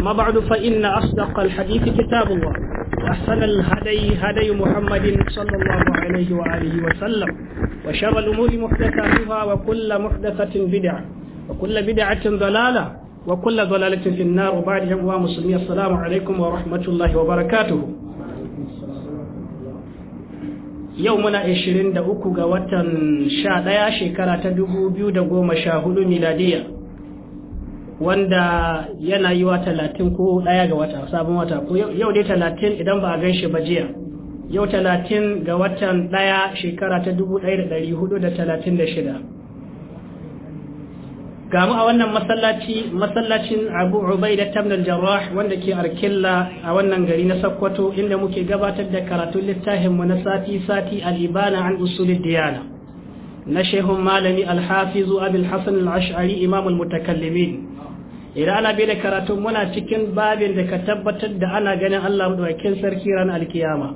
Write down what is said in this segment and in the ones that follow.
ما بعد فإن أصدق الحديث كتاب الله وأحسن الهدي هدي محمد صلى الله عليه وآله وسلم وشر الأمور محدثاتها وكل محدثة بدعة وكل بدعة ضلالة وكل ضلالة في النار وبعد أبواب مسلمين السلام عليكم ورحمة الله وبركاته yau muna 23 ga watan 11 shekara ta 2014 miladiya wanda yana yi wa talatin ko ɗaya ga wata sabon wata ko yau dai talatin idan ba a gan shi ba jiya yau talatin ga watan ɗaya shekara ta dubu ɗaya da ɗari hudu da talatin da shida gamu a wannan masallaci masallacin abu da tamdal jarrah wanda ke arkilla a wannan gari na sakkwato inda muke gabatar da karatun littafinmu na sati-sati al'ibana an usulid diyana na shehun malami alhafizu abul hasan al-ash'ari imamul mutakallimin idan ana bai da karatu muna cikin babin da ka tabbatar da ana ganin Allah madawakin sarki ran alkiyama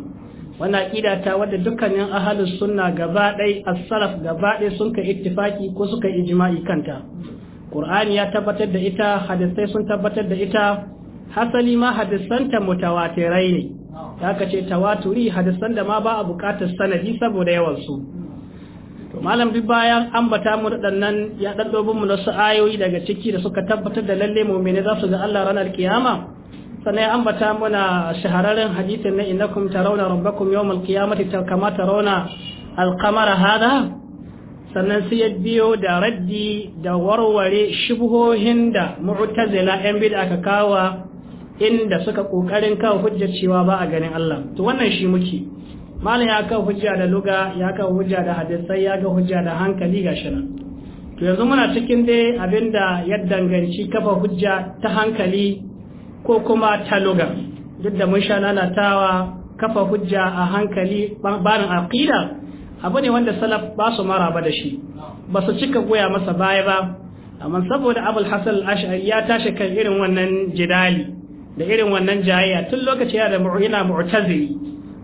wannan aƙida ta wadda dukkanin ahlus sunna gaba ɗai as gaba ɗai sun kai ittifaki ko suka ijma'i kanta qur'ani ya tabbatar da ita hadisai sun tabbatar da ita hasali ma hadisanta mutawatirai ne ka ce tawaturi hadisan da ma ba a buƙatar sanadi saboda yawan su malam duk bayan ambata mu nan ya dobin mu wasu ayoyi daga ciki da suka tabbatar da lalle mu'mini za su ga Allah ranar kiyama sannan ambata mu na shahararren hadisin na innakum tarawna rabbakum yawm alqiyamati kama tarawna alqamara hada sannan sai ya biyo da raddi da warware shubuhohin da mu'tazila yan bid'a aka kawa inda suka kokarin kawo hujjar cewa ba a ganin Allah to wannan shi muke malam ya kan hujja da luga ya kan hujja da hadisai ya ga hujja da hankali ga shi to yanzu muna cikin dai abinda ya danganci kafa hujja ta hankali ko kuma ta luga duk da mun sha lalatawa kafa hujja a hankali barin aqida abu ne wanda salaf ba su maraba da shi ba su cika goya masa baya ba amma saboda abul hasan al-ash'ari ya tashi kan irin wannan jidali da irin wannan jayayya tun lokaci yana da mu'ina mu'tazili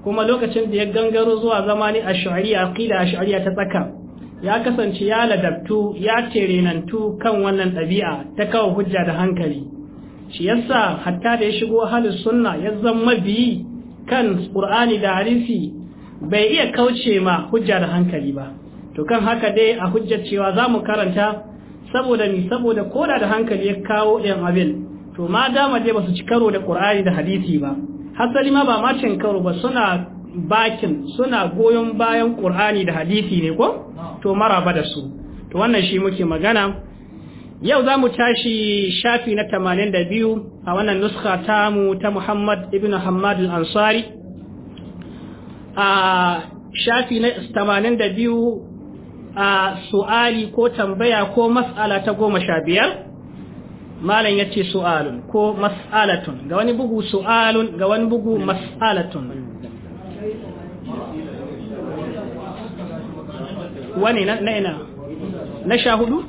kuma lokacin da ya gangaro zuwa zama ne a shari'a kila a shari'a ta tsaka ya kasance ya ladabtu ya terenantu kan wannan ɗabi'a ta kawo hujja da hankali shi yasa hatta da ya shigo halin sunna ya zama biyi kan qur'ani da hadisi bai iya kauce ma hujja da hankali ba to kan haka dai a hujjar cewa za mu karanta saboda ni saboda koda da hankali ya kawo ɗin abin to ma dama dai ba su ci karo da qur'ani da hadisi ba hasali ma ba macin karo ba suna bakin suna goyon bayan qur'ani da hadisi ne ko to maraba da su to wannan shi muke magana yau za mu tashi shafi na 82 a wannan nuska ta mu ta Muhammad ibn hamad al-Ansari a shafi na 82 a su'ali ko tambaya ko mas'ala ta goma sha biyar malam ya ce su'alun ko mas'alatun ga wani bugu su'alun ga wani bugu mas'alatun wani na ina na sha hudu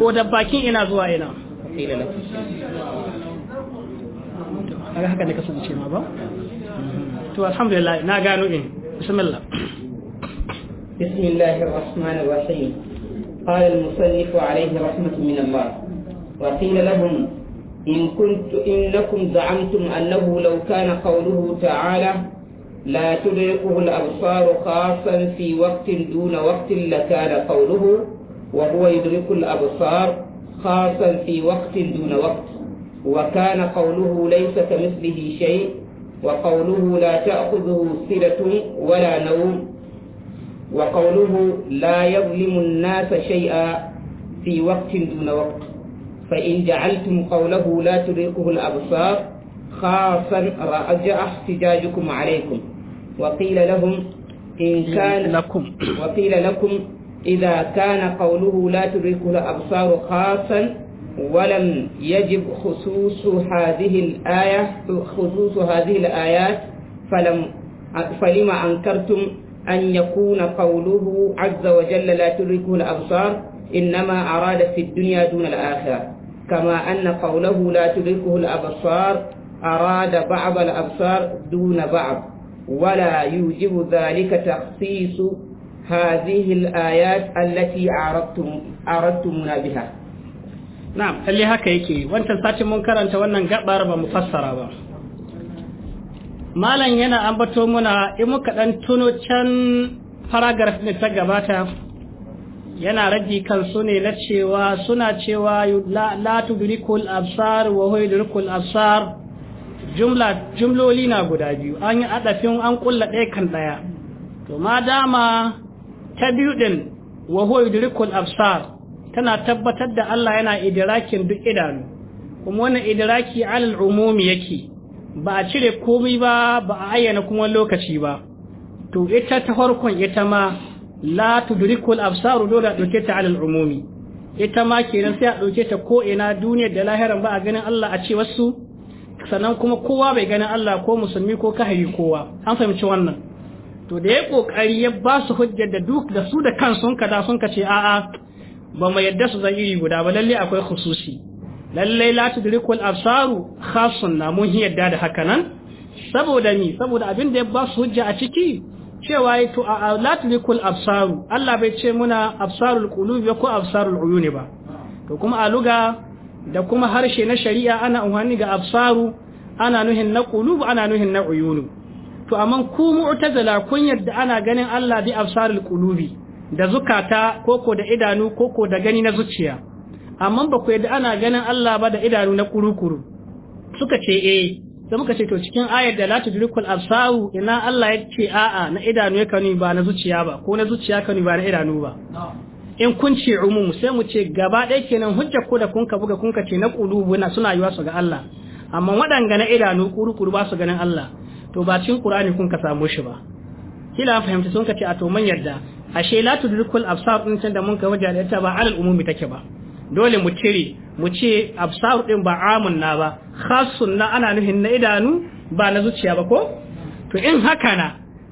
ko da bakin ina zuwa ina aga haka ne ka sun ce ma ba to alhamdulillah na gano in bismillah bismillahir rahmanir rahim قال المصنف عليه رحمة من الله وقيل لهم إن كنت إنكم زعمتم أنه لو كان قوله تعالى لا تدركه الأبصار خاصا في وقت دون وقت لكان قوله وهو يدرك الأبصار خاصا في وقت دون وقت وكان قوله ليس كمثله شيء وقوله لا تأخذه سلة ولا نوم وقوله لا يظلم الناس شيئا في وقت دون وقت فإن جعلتم قوله لا تريقه الأبصار خاصا رجع احتجاجكم عليكم وقيل لهم إن كان لكم وقيل لكم إذا كان قوله لا تريقه الأبصار خاصا ولم يجب خصوص هذه الآية خصوص هذه الآيات فلم فلما أنكرتم أن يكون قوله عز وجل لا تدركه الأبصار إنما أراد في الدنيا دون الآخرة كما أن قوله لا تدركه الأبصار أراد بعض الأبصار دون بعض ولا يوجب ذلك تخصيص هذه الآيات التي أردتم أردتمنا بها نعم اللي هكا يكي وانت ساتي منكر أنت وانا نقبر بمفسرة بقى malam yana ambato muna in muka dan tuno can paragraph ne ta gabata yana raji kansu ne na cewa suna cewa la tudrikul absar wa huwa yudrikul absar jumla jumloli na guda biyu an yi adafin an kulla ɗaya kan ɗaya to ma dama ta biyu din wa huwa yudrikul absar tana tabbatar da Allah yana idrakin duk idanu kuma wannan idraki alal umumi yake ba a cire komai ba ba a ayyana kuma lokaci ba to ita ta farkon ita ma la tudrikul absaru dole a ɗauke ta alal umumi ita ma kenan sai a ɗauke ta ko ina duniyar da lahiran ba a ganin Allah a ce wasu sannan kuma kowa bai ganin Allah ko musulmi ko kahiri kowa an fahimci wannan to da ya kokari ya ba su hujjar da duk da su da kansu sun kada sun ka ce a'a ba mu yadda su zan iri guda ba lalle akwai khususi lallai la tudrikul absaru khassun na mun yadda da haka nan saboda ni saboda abin da ya ba su hujja a ciki cewa to a la tudrikul absaru Allah bai ce muna absarul qulubi ko absarul uyuni ba to kuma a luga da kuma harshe na shari'a ana umarni ga absaru ana nuhin na qulubu ana nuhin na uyuni to amma ku mu'tazila kun yadda ana ganin Allah bi absarul qulubi da zukata koko da idanu koko da gani na zuciya amma ba ku yadda ana ganin Allah ba da idanu na kurukuru suka ce eh sai muka ce to cikin ayar da latu tudrikul absaru ina Allah ya ce a'a na idanu ya kanu ba na zuciya ba ko na zuciya kanu ba na idanu ba in kun ce umumu sai mu ce gaba ɗaya kenan hujja ko da kun ka buga kun ka ce na kulubuna suna yiwa su ga Allah amma waɗanga na idanu kurukuru ba su ganin Allah to ba cikin Qur'ani kun ka samu shi ba kila fahimta sun ka ce a to man yarda ashe latu tudrikul absar din can da mun ka wajen da ita ba alal umumi take ba dole mu cire mu ce absar din ba amun na ba khasun na ana nufin na idanu ba na zuciya ba ko to in haka na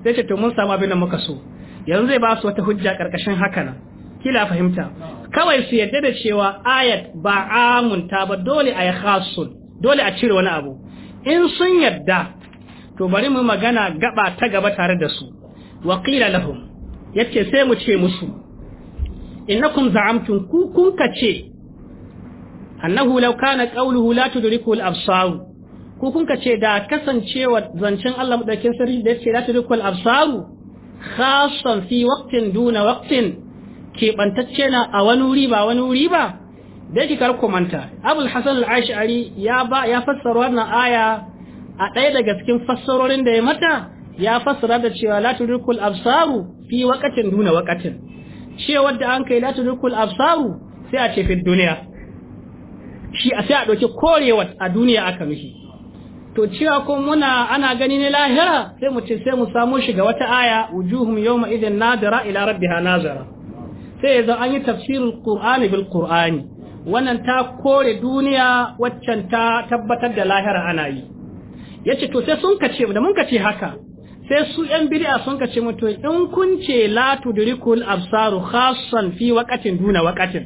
sai ce to mun samu abin da muka so yanzu zai ba su wata hujja karkashin haka na kila fahimta kawai su yadda da cewa ayat ba amun ta ba dole ay khasun dole a cire wani abu in sun yadda to bari mu magana gaba ta gaba tare da su waqila lahum yace sai mu ce musu innakum za'amtum ku kun ce. annahu law kana qawluhu la tudrikul absar ku kun kace da kasancewa zancen Allah madaukin sarki da yace la tudrikul absar khassan fi waqtin duna waqtin ke bantacce na a wani wuri ba wani wuri ba da yake kar manta abul hasan al-ash'ari ya ba ya fassara wannan aya a ɗaya daga cikin fassarorin da ya mata ya fassara da cewa la tudrikul absaru fi waqtin duna waqtin cewar da an kai la tudrikul absaru sai a ce duniya shi a sai a ɗauki korewa a duniya aka mishi to cewa ko muna ana gani ne lahira sai mu ce sai mu samu shi ga wata aya wujuhum yawma idan nadira ila rabbiha nazara sai yanzu an yi tafsirul qur'ani bil qur'ani wannan ta kore duniya waccan ta tabbatar da lahira ana yi yace to sai sun kace da mun kace haka sai su yan bid'a sun kace mutu in kun ce Latu, tudrikul absaru khassan fi waqatin duna waqatin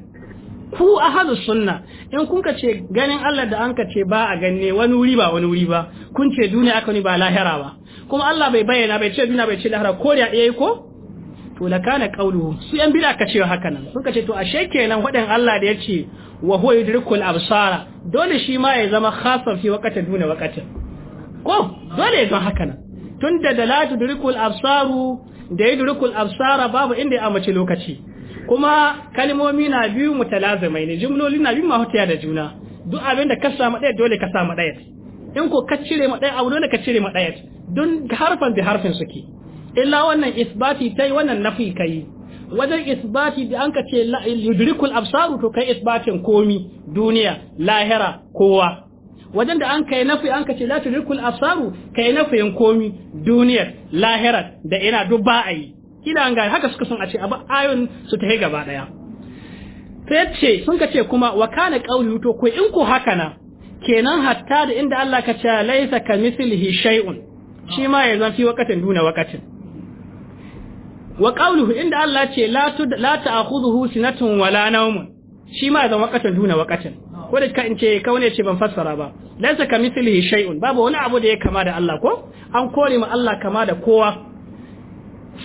ku ahlu sunna in kun kace ganin Allah da an kace ba a ganne wani wuri ba wani wuri ba kun ce duniya aka ni ba lahira ba kuma Allah bai bayyana bai ce duniya bai ce lahira ko da yayi ko to la kana qawluhu su yan bid'a ce haka nan sun kace to ashe kenan wadan Allah da yace wa huwa yudrikul absara dole shi ma ya zama khassan fi waqatin duna waqatin ko dole ya zama haka nan tunda da la tudrikul absaru da yudrikul absara babu inda ya mace lokaci kuma kalmomi na biyu mutalazimai ne jumloli na biyu mahutiya da juna duk abin da ka samu ɗaya dole ka samu ɗaya in ko ka cire ma ɗaya abu dole ka cire ma ɗaya don harfan da harfin suke illa wannan isbati tai wannan nafi kai wajen isbati da an ka ce yudrikul absaru to kai isbatin komi duniya lahira kowa wajen da an kai nafi an kace la tudrikul absaru kai nafiyin komi duniyar lahirar da ina duk ba a yi kila an gane haka suka son a ce abu ayon su ta gaba daya sai ce sun kace kuma wa kana qawli to ko in ko haka na kenan hatta da inda Allah ka ce laisa kamithlihi shay'un shi ma ya zafi wakatin duna wakatin wa qawluhu inda Allah ce la la ta'khudhuhu sinatun wala nawmun shi ma zama wakatan duna wakatan ko da in ce ka wani ce ban fassara ba laisa ka mislihi shay'un babu wani abu da ya kama da Allah ko an kore mu Allah kama da kowa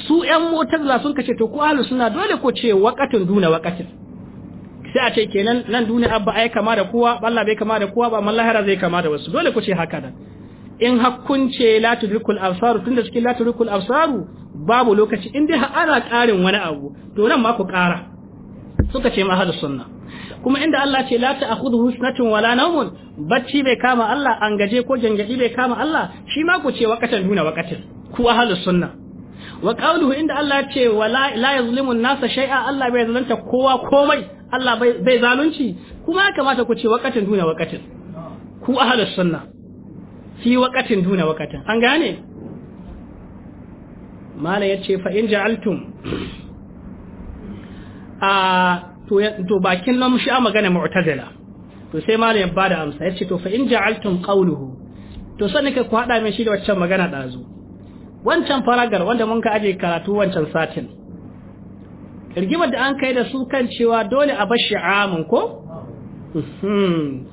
su ƴan mu'tazila sun kace to ko ahlus sunna dole ko ce wakatan duna wakatan sai a ce kenan nan duniya abba ai kama da kowa Allah bai kama da kowa ba amma lahira zai kama da wasu dole ko ce haka nan in hakkunce la tudrikul absaru tunda cikin la tudrikul absaru babu lokaci in dai har ana karin wani abu to nan ma ku kara suka ce ma ahlus sunna kuma inda Allah ce la akhudhu husnatun wala nawmun bacci bai kama Allah an gaje ko jangadi bai kama Allah shi ma ku ce wakatan duna wakatin ku ahlus sunna wa qawluhu inda Allah ce wala la yazlimu an-nasa shay'a Allah bai zalunta kowa komai Allah bai zalunci kuma kamata ku ce wakatan duna wakatin ku ahlus sunna fi wakatin duna wakatin an gane mala yace fa in ja'altum a to bakin nan shi a magana mu'tazila to sai malam ya bada amsa yace to fa in ja'altum qawluhu to sai ka ku hada mai shi da waccan magana dazu wancan faragar wanda mun ka aje karatu wancan satin rigimar da an kai da su kan cewa dole a bashi amun ko uhm.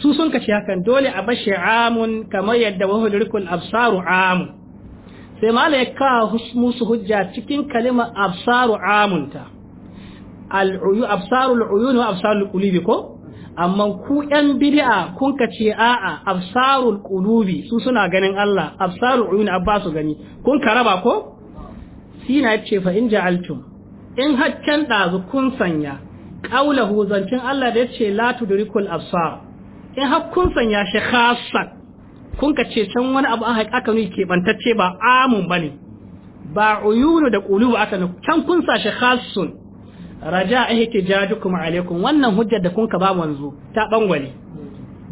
su sun kace hakan dole a bashi amun kamar yadda wahudurkul absaru amun sai mala ya kawo musu hujja cikin kalimar absaru amunta al'uyu absarul uyun wa absarul qulubi ko amma ku yan bid'a kun ka ce a'a absarul qulubi su suna ganin Allah absarul uyun abbasu gani kun ka raba ko sina ce fa in ja'altum in haccan dazu kun sanya qaulahu zancin Allah da yace la tudrikul absar in har kun sanya shi khassan kun ka ce can wani abu aka aka ke bantacce ba amun bane ba uyunu da qulubu aka can kun sa shi khassun raja ihtijajukum alaikum wannan hujjar da kun ka ba wanzu ta bangwale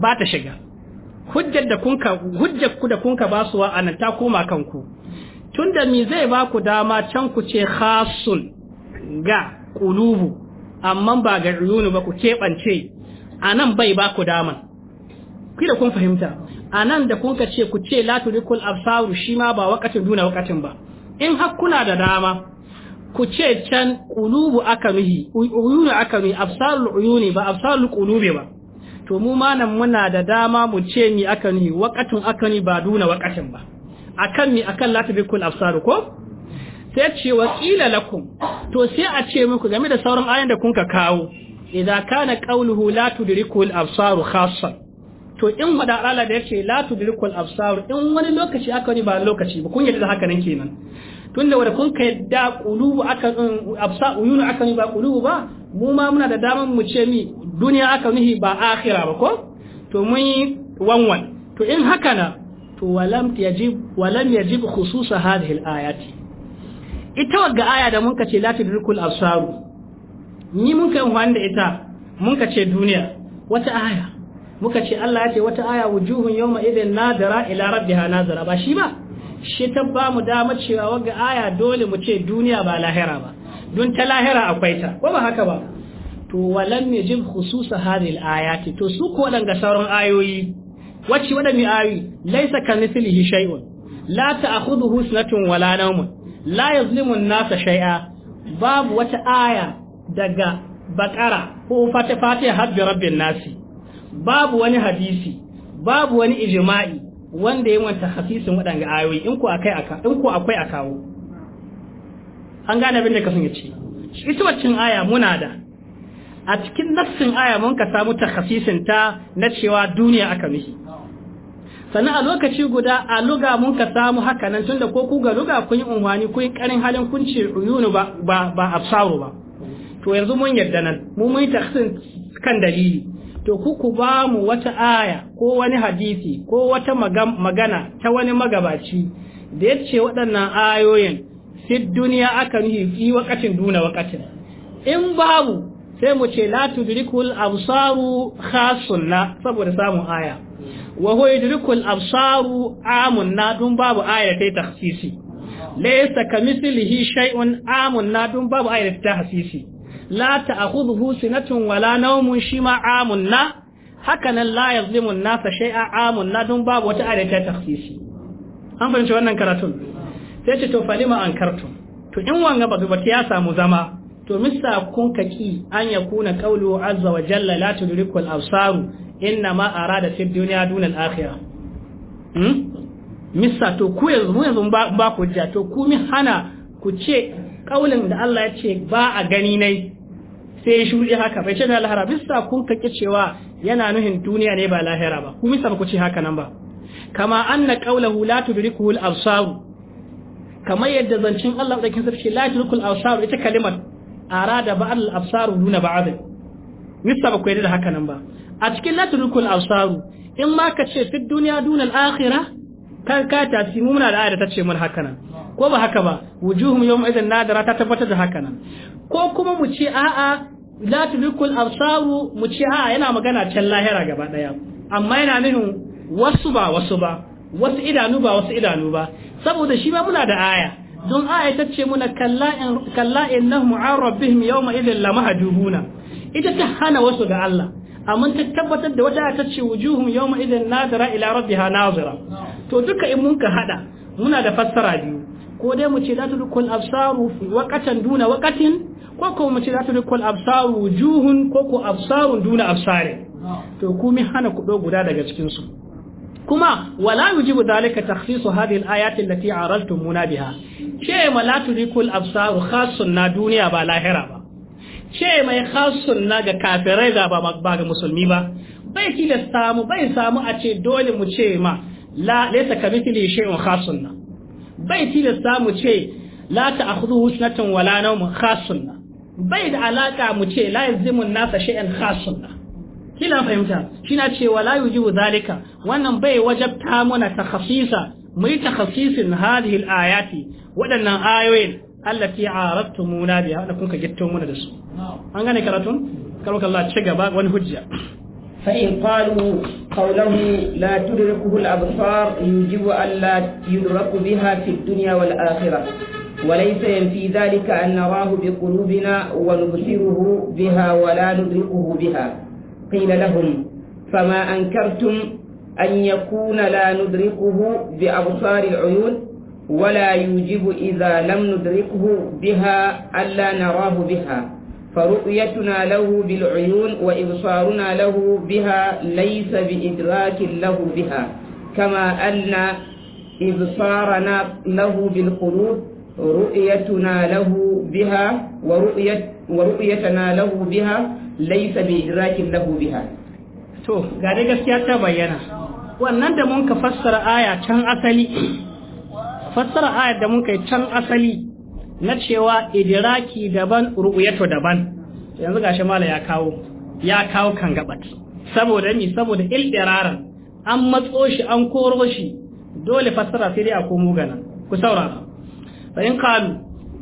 ba ta shiga hujjar da kun ka hujjar ku da kun ka basuwa anan ta koma kanku tunda mi zai ba ku dama can ku ce khasul ga qulubu amma ba ga uyunu ba ku kebance anan bai ba ku daman kila kun fahimta anan da kun ka ce ku ce la turikul absaru shi ma ba wakatin duna wakatin ba in har kuna da dama ku ce can qulubu aka mihi uyuna aka mihi absarul uyuni ba absarul qulubi ba to mu ma muna da dama mu ce mi aka ni waqatun aka ni ba duna waqatin ba akan mi akan la tabikul absar ko sai ce wa qila lakum to sai a ce muku game da sauran ayan da kun ka kawo idza kana qawluhu la tudrikul absar khassan to in wada ala da yace la tudrikul absar in wani lokaci aka ni ba lokaci ba kun yadda haka nan kenan tunda wanda kun ka yadda qulubu aka um, absa uyunu aka ba qulubu ba mu ma muna da damar mu ce mi duniya aka nuhi ba akhira ba ko to mun yi wanwan to in haka na to walam yajib walam yajib khususa hadhihi al-ayati ita wadda aya da mun ka ce Lati tudrikul absaru ni mun kai wanda ita mun ka ce duniya wata aya muka ce Allah ya ce wata aya wujuhun yawma idin nadara ila rabbiha nazara ba shi ba shi ta ba mu dama cewa ga aya dole mu ce duniya ba lahira ba don ta lahira akwai ta ko ba haka ba to walam yajib khusus hadhihi al to su ko dan ga sauran ayoyi wacce wadanne ayoyi laysa kamithlihi shay'un la ta'khudhuhu sunatun wala nawm la yuzlimu an-nasa shay'a babu wata aya daga bakara ko fata fatiha rabbin nasi babu wani hadisi babu wani ijma'i wanda yawan wanta hafisun waɗanga ayoyi in ku akwai a kawo an gane abin da ka sun yace ita wacin aya muna da a cikin nassin aya mun ka samu hafisun ta na cewa duniya aka mihi sannan a lokaci guda a luga mun ka samu haka nan tunda ko ku ga luga kun yi unwani kun yi karin halin kun ce uyunu ba a ba ba to yanzu mun yarda nan mun mun takhasisin kan dalili to ku ku ba mu wata aya ko wani hadisi ko wata magana ta wani magabaci da ya ce waɗannan ayoyin fi duniya aka nuhi fi wakacin duna wakacin in babu sai mu ce la tudrikul absaru khasun na saboda samun aya wa huwa yudrikul absaru amun na dun babu aya ta takhsisi laysa kamithlihi shay'un amun na dun babu aya ta hasisi. la ta'khudhuhu sinatun wala nawmun shi ma amun na haka nan la yazlimu an-nasa shay'a amun na dun babu wata ayat ta takhsisi an fahimci wannan karatun sai ce to falima ankartum to in wanga ba ba ya samu zama to mista kun kaki an ya kuna kaulu azza wa jalla la tudriku al-absaru inna ma arada fi dunya duna al-akhirah hmm mista to ku yanzu mu yanzu ba ku hujja to ku mi hana ku ce kaulin da Allah ya ce ba a gani nai sai ya shuɗe haka bai ce na lahara bisa kun kake cewa yana nuhin duniya ne ba lahira ba ku misa ku ce haka nan ba kama anna qawluhu la tudrikuhu al-absar kamar yadda zancen Allah dakin sarki la tudrikul absar ita kalimar arada ba al-absar duna ba'd misa ba ku yarda da haka nan ba a cikin la tudrikul absar in ma ka ce fi duniya duna al-akhirah kan ka tasi mu muna da ayata ta ce mun haka nan ko ba haka ba wujuhum yawma idan nadara ta tabbatar da haka nan ko kuma mu ce a'a la tudrikul absaru mu ce a'a yana magana can lahira gaba daya amma yana nufin wasu ba wasu ba wasu idanu ba wasu idanu ba saboda shi ma muna da aya don aya ta ce muna kalla innahum an rabbihim yawma idin la ita ta hana wasu ga Allah amma ta tabbatar da wata ta ce wujuhum yawma idin nadira ila rabbiha nazira to duka in mun ka hada muna da fassara biyu ko dai mu ce la tudkul absaru fi waqatan duna waqatin ko ko mu ce za ta dukkan absaru wujuhun ko ko absarun duna absarin to ku mi hana ku guda daga cikin su kuma wala yujibu dalika takhsisu hadhihi al-ayat allati araltumuna biha ce ma la tudkul absaru khassun na duniya ba lahira ba ce mai khassun na ga kafirai da ba ga musulmi ba bai tilasta samu bai samu a ce dole mu ce ma la laysa kamithli shay'un khassun na bai tilasta mu ce la ta'khudhuhu sunatun wala nawm khassunna bai da alaka mu ce la yalzimu nasa shay'an khassunna kila fahimta kina ce wala yujibu zalika wannan bai wajabta mana takhassisa mu yi takhasisin hadhihi al-ayati waɗannan ayoyin allati aradtumuna biha da kuka gitto muna da su an gane karatun karuka Allah ci gaba wani hujja فإن قالوا قوله لا تدركه الأبصار يجب أن لا يدرك بها في الدنيا والآخرة وليس ينفي ذلك أن نراه بقلوبنا ونبصره بها ولا ندركه بها قيل لهم فما أنكرتم أن يكون لا ندركه بأبصار العيون ولا يوجب إذا لم ندركه بها ألا نراه بها فرؤيتنا له بالعيون وإبصارنا له بها ليس بإدراك له بها كما أن إبصارنا له بالقلوب رؤيتنا له بها ورؤية ورؤيتنا له بها ليس بإدراك له بها to ga dai gaskiya ta bayyana wannan da mun ka fassara aya can asali fassara aya da mun kai can asali na cewa idiraki daban ru'uyatu daban yanzu gashi mala ya kawo ya kawo kan gabat saboda ni saboda ildiraran an matso shi an koro shi dole fassara sai dai a komo gana ku saurara fa in qalu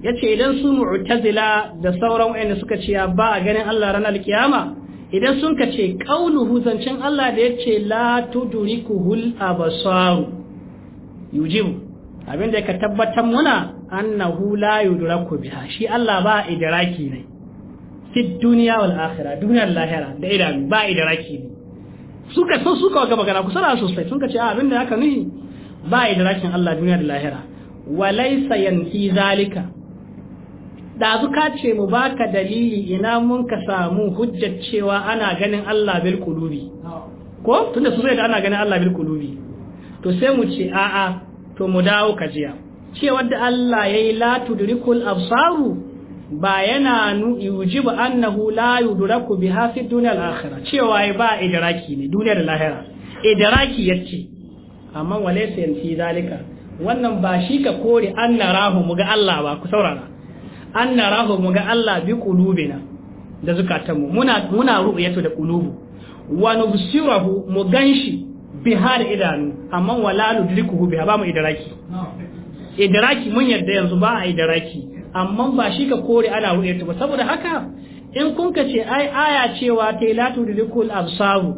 yace idan su mu'tazila da sauran wayanda suka ce ba a ganin Allah ranar kiyama idan sun ka ce qauluhu zancin Allah da yace la tudrikuhul absar yujibu abinda ka tabbatar muna annahu la yudraku biha shi Allah ba idraki ne fi duniya wal akhirah duniyar lahira da idan ba idraki ne suka so suka ga magana kusa da sosai sun ce a abinda haka ne ba idrakin Allah duniya da lahira wa laysa yanfi zalika da zuka ce mu baka dalili ina mun ka samu hujjar cewa ana ganin Allah bil qulubi ko tunda su zai da ana ganin Allah bil qulubi to sai mu ce a'a to mu dawo kajiya cewar da Allah ya yi la tudrikul absaru ba yana yujibu annahu la yudraku biha fi duniyar al-akhirah cewa ba idaraki ne duniyar lahira idaraki ya ce amma walaysa yanfi zalika wannan ba shi ka kore an narahu mu ga Allah ba ku saurara an narahu mu ga Allah bi qulubina da zukatanmu muna muna ru'yatu da kulubu. wa nubsirahu mu ganshi bihar idanu amma wala nudrikuhu biha ba mu idraki idraki mun yarda yanzu ba a idraki amma ba shi ka kore ana wuyarta ba saboda haka in kun ka ce ai aya cewa ta da zikul absaru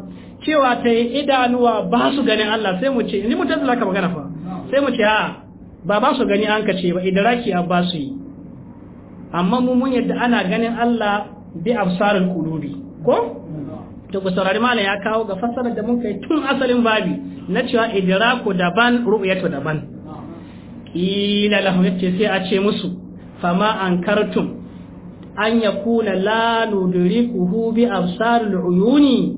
cewa ta idanuwa ba su ganin Allah sai mu ce ni mu tazala ka magana fa sai mu ce a ba ba su gani an ka ce ba idraki an ba su yi amma mu mun yadda ana ganin Allah bi absarul qulubi ko to ku saurari malam ya kawo ga fassarar da mun kai tun asalin babi na cewa idraku daban ru'yatu daban ila lahu yace sai a ce musu fama ankartum an yakuna la nudrikuhu bi absaril uyuni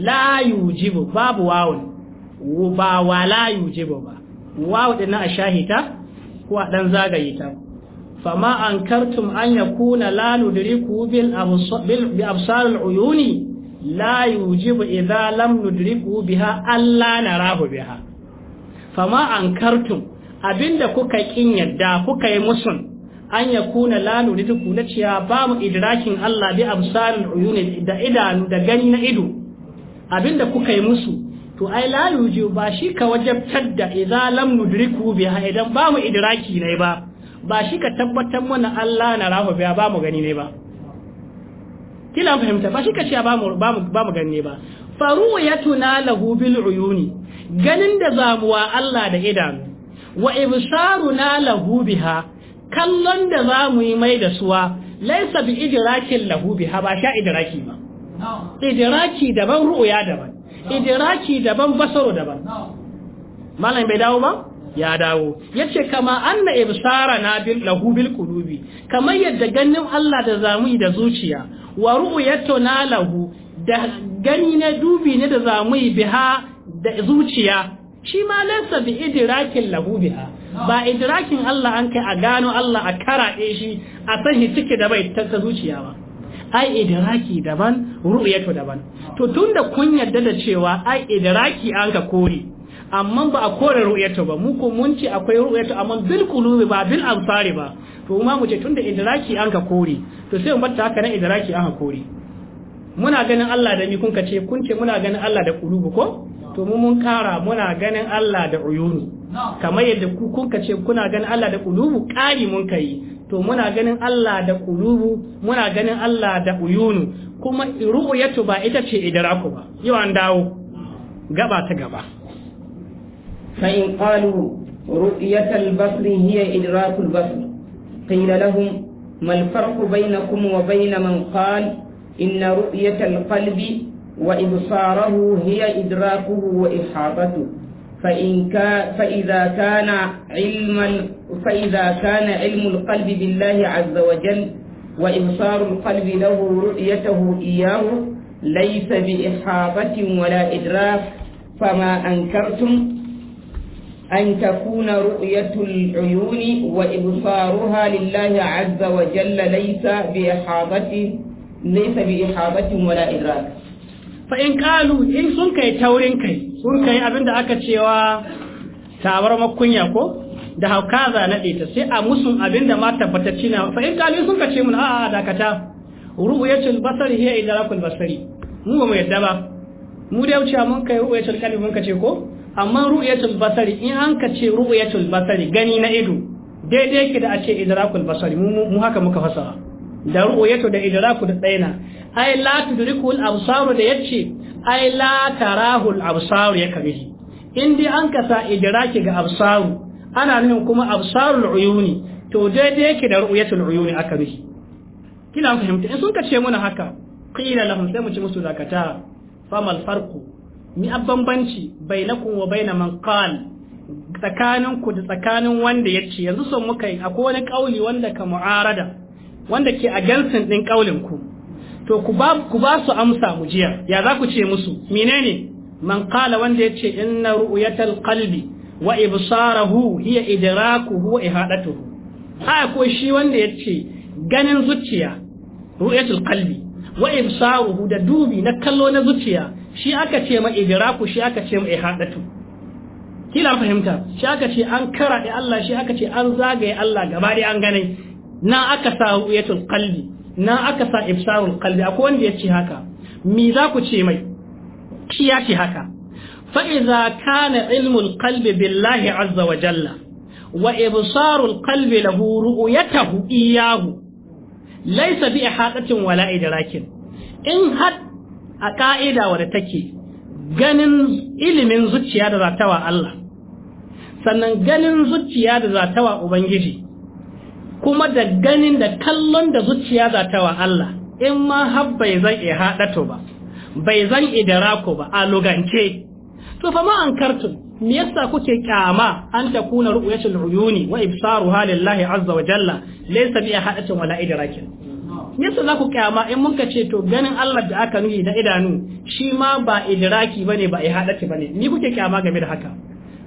la yujibu babu wawun ba wa la yujibu ba wawu din a shahita ko a dan zagaye ta fama ankartum an yakuna la nudrikuhu bi absaril uyuni la yujibu idza lam nudrikuhu biha alla narahu biha fama ankartum abinda kuka kin yadda kuka yi musun an ya kuna lanu da duku na cewa ba mu idrakin Allah bi absarin uyuni da idanu da gani na ido abinda kuka yi musu to ai la yuji ba shi ka wajabtar da idza lam nudriku bi idan ba mu idraki ne ba ba shi ka tabbatar mana Allah na rahu biya ba mu gani ne ba kila fahimta ba shi ka cewa ba mu ba mu gani ne ba yatuna lahu bil uyuni ganin da zamuwa Allah da idanu wa ibsaru na lahu biha kallon da za mu yi mai da suwa laisa bi idrakin lahu biha ba sha idraki ba idraki daban ru'ya daban idraki daban basaro daban malam bai dawo ba ya dawo yace kama anna ibsarana bil lahu bil qulubi kamar yadda ganin Allah da zamu yi da zuciya wa na lahu da gani na dubi ne da zamu yi biha da zuciya shi ma laisa bi idrakin lahu biha ba idrakin Allah an kai a gano Allah a karaɗe shi a san shi ciki da bai ta zuciya ba ai idraki daban ru'yatu daban to tunda kun yarda da cewa ai idraki an ka kore amma ba a kore ru'yatu ba mu ko mun ce akwai ru'yatu amma bil qulubi ba bil absari ba to ma mu ce tunda idraki an ka kore to sai mu haka na idraki an ka kore muna ganin Allah da ni kun ka ce kun ce muna ganin Allah da qulubi ko to mu mun kara muna ganin Allah da uyuni kamar yadda ku kun ce kuna ganin Allah da Kulubu? ƙari mun kai to muna ganin Allah da Kulubu? muna ganin Allah da uyuni kuma ru'yatu ba ita ce idraku ba yau an dawo gaba ta gaba fa in qalu ru'yatul basri hiya idrakul basri qila lahum farqu bainakum wa وبين man qala inna رؤية qalbi وإبصاره هي إدراكه وإحاطته فإن كا فإذا كان علما فإذا كان علم القلب بالله عز وجل وإبصار القلب له رؤيته إياه ليس بإحاطة ولا إدراك فما أنكرتم أن تكون رؤية العيون وإبصارها لله عز وجل ليس بإحاطة ليس بإحاطة ولا إدراك fa in kalu in sun kai taurin kai sun kai abinda aka cewa tawar makunya ko da hauka za na ta sai a musun abinda ma tabbatacci na fa in kalu sun kace mun a'a dakata ru'yatul basari hiya idrakul basari mu ba mu yadda ba mu da wuce mun kai ru'yatul qalbi mun kace ko amma ru'yatul basari in an kace ru'yatul basari gani na ido daidai yake da a ce idrakul basari mu haka muka fasara da ru'yatu da idrakul da tsayina. ai la tudriku al-absar da yace ai la tarahu al-absar ya kare in dai an kasa idraki ga absar ana nufin kuma absarul uyuni to daidai yake da ru'yatul uyuni aka ruhi kina fahimta in sun kace muna haka qila lahum sai mu ci musu zakata famal farqu mi abbanbanci bainakum wa baina man qal tsakanin ku da tsakanin wanda yace yanzu son muka yi akwai wani kauli wanda ka mu'arada wanda ke a galsin ɗin kaulin ku to ku ba ku ba su amsa mu jiya ya za ku ce musu menene man qala wanda yace inna ru'yatal qalbi wa ibsarahu hiya idrakuhu wa ihadatuhu ha ko shi wanda yace ganin zuciya ru'yatul qalbi wa ibsaruhu da dubi na kallo na zuciya shi aka ce ma idraku shi aka ce ma ihadatu kila fahimta shi aka ce an karaɗe Allah shi aka ce an zagaye Allah gaba da an ganai na aka sa ru'yatul qalbi na aka sa ifsarul qalbi akwai wanda ya ce haka mi za ku ce mai shi ya ce haka Fa'iza iza kana ilmul kalbi billahi azza wa jalla wa ibsarul qalbi ya tahu iyahu laysa bi walai da rakin. in had a ƙa'ida wadda take ganin ilimin zuciya da zatawa Allah sannan ganin zuciya da zatawa ubangiji kuma da ganin da kallon da zuciya za ta wa Allah in ma har bai zan iya ihadatu ba bai zan ku ba a lugance to fa ma kartu me yasa kuke kyama an ta takuna ru'yatul uyuni wa ibsaru halillahi azza wa jalla laysa bi ahadatin wala idrakin yasa za ku kyama in muka ce to ganin Allah da aka nuhi da idanu shi ma ba idraki bane ba ihadati bane ni kuke kyama game da haka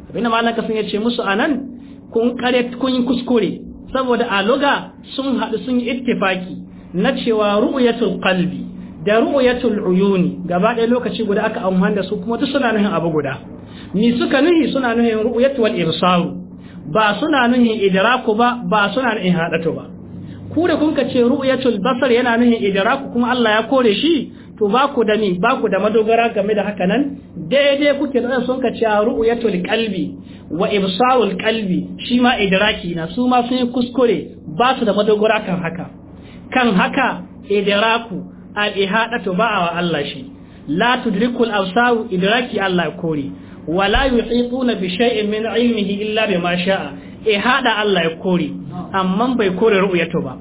abinda malaka sun yace musu anan kun kare kun kuskure saboda Aluga sun haɗu sun yi ittifaki na cewa ru'yatul qalbi da ru'uyatul uyuni gaba ɗaya lokaci guda aka amfani da su kuma duk suna nuhin abu guda ni suka nuhi suna nuhin ru'yatu wal irsaru ba suna nuhin idraku ba ba suna nuhin hadatu ba ku da kun ce ru'uyatul basar yana nuhin idraku kuma Allah ya kore shi to ba ku da ni ba ku da madogara game da haka nan daidai kuke da sun ka cewa ru'yatul qalbi wa ibsarul qalbi shi ma idraki na su ma sun yi kuskure ba su da madogara kan haka kan haka idraku al ihadatu ba wa Allah shi la tudrikul absaru idraki Allah kore wala yuhituna bi shay'in min ilmihi illa bima sha'a ihada Allah ya kore amma bai kore ru'yatu ba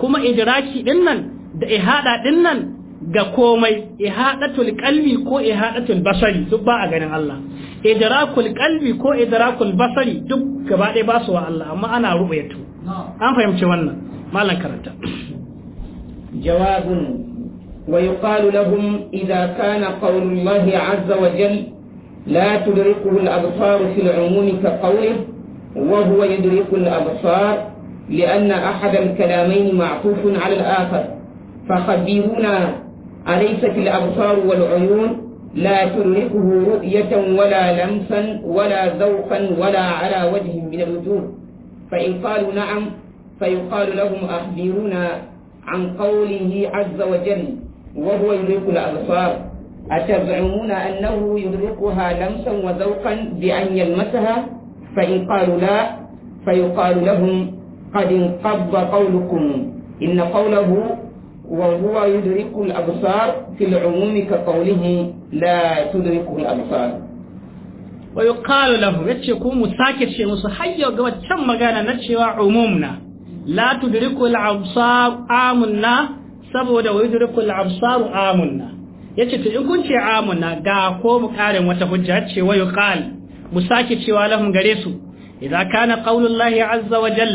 kuma idraki din nan da ihada din nan ga komai ihadatul qalbi ko ihadatul basari duk ba a ganin Allah idrakul qalbi ko idrakul basari duk gaba ɗaya ba su wa Allah amma ana to an fahimci wannan mallan karanta jawabun wa yuqalu lahum idza kana qawlullahi azza wa jalla la tudrikuhu al-absar fi لا تدركه الأبصار في العموم كقوله وهو يدرك الأبصار لأن أحد الكلامين معطوف على الآخر فخبرونا أليست الأبصار والعيون لا تدركه رؤية ولا لمسا ولا ذوقا ولا على وجه من الوجوه فإن قالوا نعم فيقال لهم أخبرونا عن قوله عز وجل وهو يدرك الأبصار أتزعمون أنه يدركها لمسا وذوقا بأن يلمسها فإن قالوا لا فيقال لهم قد انقض قولكم إن قوله وهو يدرك الأبصار في العموم كقوله لا تدرك الأبصار ويقال له يتشكو مساكت شيء مصحية وقوة كم مغانا نتشوى عمومنا لا تدرك الأبصار آمنا saboda wai durkul absar amunna yace to in kun ce amunna ga ko mu karin wata hujja ce wayu qal mu sake cewa lahum gare su idan kana qaulullahi azza wa jal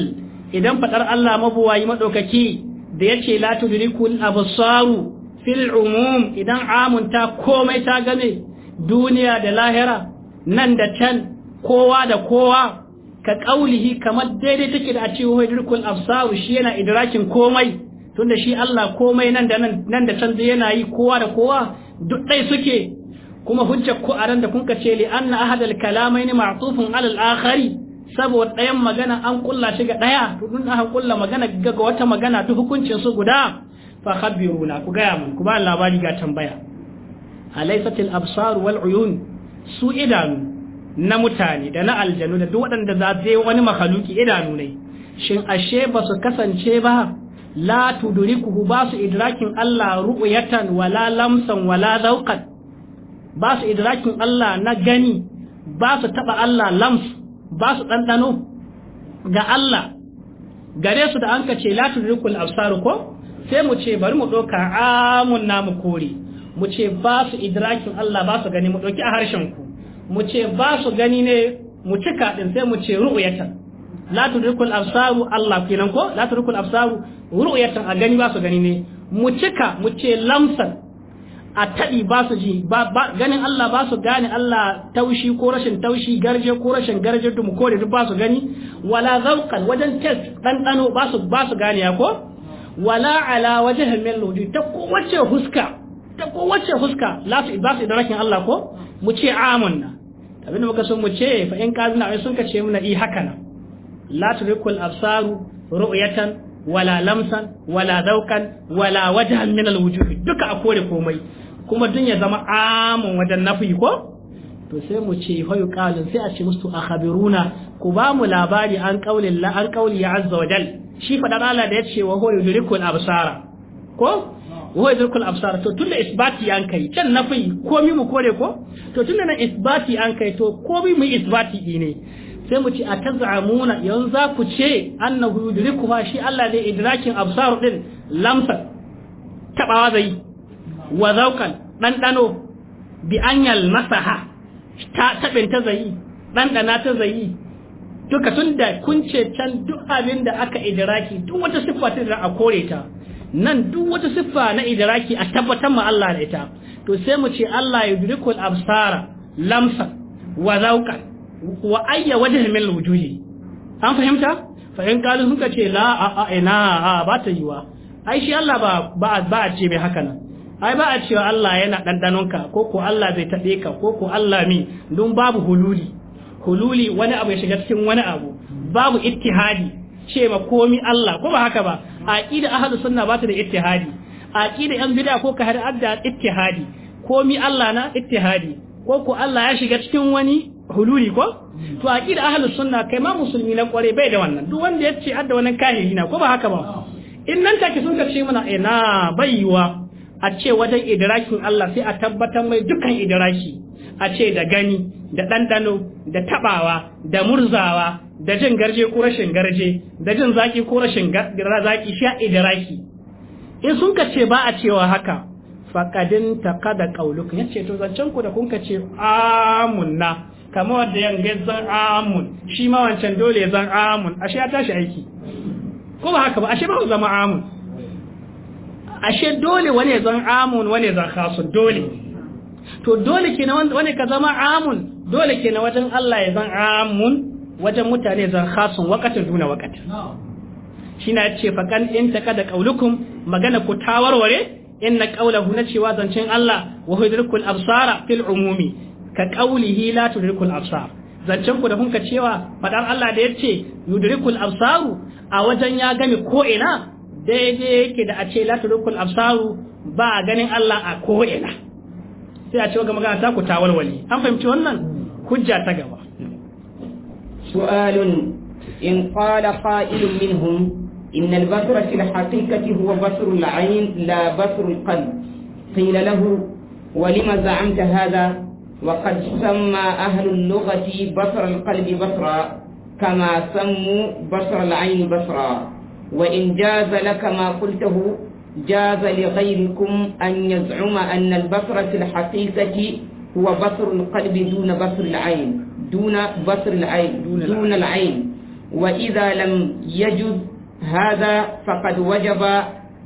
idan fadar Allah mabuwayi madaukaki da yace la tudrikul absaru fil umum idan amun ta komai ta game duniya da lahira nan da can kowa da kowa ka kaulihi kamar daidai take da a ce wai absaru shi yana idrakin komai tunda shi Allah komai nan da nan da can yana yi kowa da kowa duk dai suke kuma hujjar ku a ran da kun ka ce li anna ahadal kalamaini ma'tufun alal akhari saboda ɗayan magana an kulla shi ga ɗaya to dun aka kulla magana ga wata magana ta hukuncin su guda fa khabiruna ku gaya mun ku labari ga tambaya alaysatil absar wal uyun su idanu na mutane da na aljanu da duk waɗanda za su wani makhaluki idanu ne shin ashe ba su kasance ba la tudrikuhu ba su idrakin Allah ru'yatan wala lamsan wala zawqan ba su idrakin Allah na gani ba su taba Allah lams ba su ɗanɗano ga Allah gare su da an ka ce latin rikul absar ko sai mu ce bari mu ɗauka amun namu kore mu ce ba su idrakin Allah ba su gani mu ɗauki a harshen ku mu ce ba su gani ne mu cika kaɗin sai mu ce ru'yatan latin rikul absaru Allah kenan ko la tudrikul absaru ru'yatan a gani ba su gani ne mu cika mu ce lamsan a taɗi ba su ji ganin Allah ba su gane Allah taushi ko rashin taushi garje ko rashin garje dumu ko da duk ba su gani wala zauqan wajen test ɗanɗano ba su ba su gane ya ko wala ala wajen min ludi ta kowace huska ta kowace huska la su ba su idrakin Allah ko mu ce amanna abinda muka so mu ce fa in ka zina sun ka ce muna i haka na. la turikul absaru ru'yatan wala lamsan wala zauqan wala wajhan min alwujuh duka a kore komai kuma dun ya zama amun wajen nafi ko to sai mu ce fa yuqalu sai a ce musu akhabiruna ku ba mu labari an qaulin la an qauli ya azza wa jal shi fadan Allah da yace wa huwa yudrikul absara ko wa huwa yudrikul absara to tunda isbati an kai can nafi komi mu kore ko to tunda nan isbati an kai to komi mu isbati ne sai mu ce a tazamuna yanzu za ku ce annahu yudrikuha shi Allah ne idrakin absar din lamsa tabawa zai wa zaukan ɗanɗano bi anyal masaha ta taɓin ta zayi ɗanɗana ta zayi duka tun da kunce can duk abin da aka idiraki duk wata siffa ta da a kore ta nan duk wata siffa na idiraki a tabbatar ma Allah da ita to sai mu ce Allah ya dirikul absara lamsa wa zauqan wa ayya min wujuhi an fahimta fa in kalu suka ce la a a ina a ba ta yiwa ai shi Allah ba ba ba ce mai haka nan ai ba a cewa Allah yana ɗanɗanonka ko ko Allah zai taɓe ka ko ko Allah mi don babu hululi hululi wani abu ya shiga cikin wani abu babu ittihadi ce ma komi Allah ko ba haka ba a aqida ahlus sunna ba ta da ittihadi ƙida yan bid'a ko ka hada da ittihadi komi Allah na ittihadi ko ko Allah ya shiga cikin wani hululi ko to a aqida ahlus sunna kai ma musulmi na kware bai da wannan duk wanda ya ce adda wannan kahiri ko ba haka ba in nan take sun ka ce mana ina baiwa a ce wajen idrakin Allah sai a tabbatar mai dukan idraki a ce da gani da ɗanɗano da taɓawa da murzawa da jin garje ko rashin garje da jin zaki ko rashin zaki shi a idraki in sun ka ce ba a cewa haka faƙadin ta kada ƙauluka. ya ce to zancen ku da kun ka ce amunna kamar wadda gai zan amun shi ma wancan dole zan amun ashe ya tashi aiki ko ba haka ba ashe ba ku zama amun ashe dole wani zan amun wani zan khasun dole to dole na wani ka zama amun dole ke na wajen Allah ya zan amun wajen mutane zan khasun wakatin duna wakatin shi na ce fakan in ta kada kaulukun magana ku tawarware na qawlahu na cewa zancen Allah wa hudurkul absara fil umumi ka kauli hila tudurkul absar zancen ku da hunka cewa fadar Allah da yace yudurkul absaru a wajen ya gani ko ina daidai yake da a ce la absaru ba a ganin Allah a ko'ina sai a ce wa magana ta ku tawalwali an fahimci wannan hujja ta gaba su'alun in qala qa'ilun minhum إن البصر في الحقيقة هو بصر العين لا بصر القلب قيل له ولم زعمت هذا وقد سمى أهل اللغة بصر القلب بصرا كما سموا بصر العين بصرا وإن جاز لك ما قلته جاز لغيركم أن يزعم أن البصر في الحقيقة هو بصر القلب دون بصر العين دون بصر العين دون, دون العين وإذا لم يجد هذا فقد وجب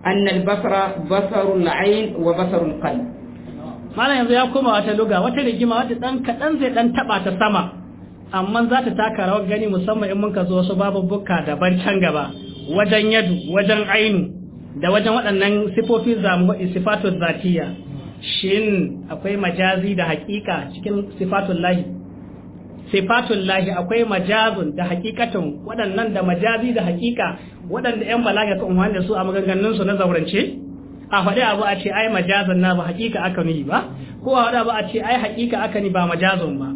أن البصر بصر العين وبصر القلب malam yanzu ya koma wata luga wata rigima wata dan kadan zai dan taba ta sama amma za ta taka rawar gani musamman in mun ka zo wasu babu bukka daban can gaba wajen yadu wajen ainu da wajen waɗannan sifofin sifatun zatiya shin akwai majazi da hakika cikin sifatun lahi sifatun lahi akwai majazun da haƙiƙatan waɗannan da majazi da hakika waɗanda 'yan balaga kan wanda su a maganganunsu na zaurance a faɗi abu a ce ai majazan na ba hakika aka ni ba ko a faɗi abu a ce ai hakika aka ni ba majazun ba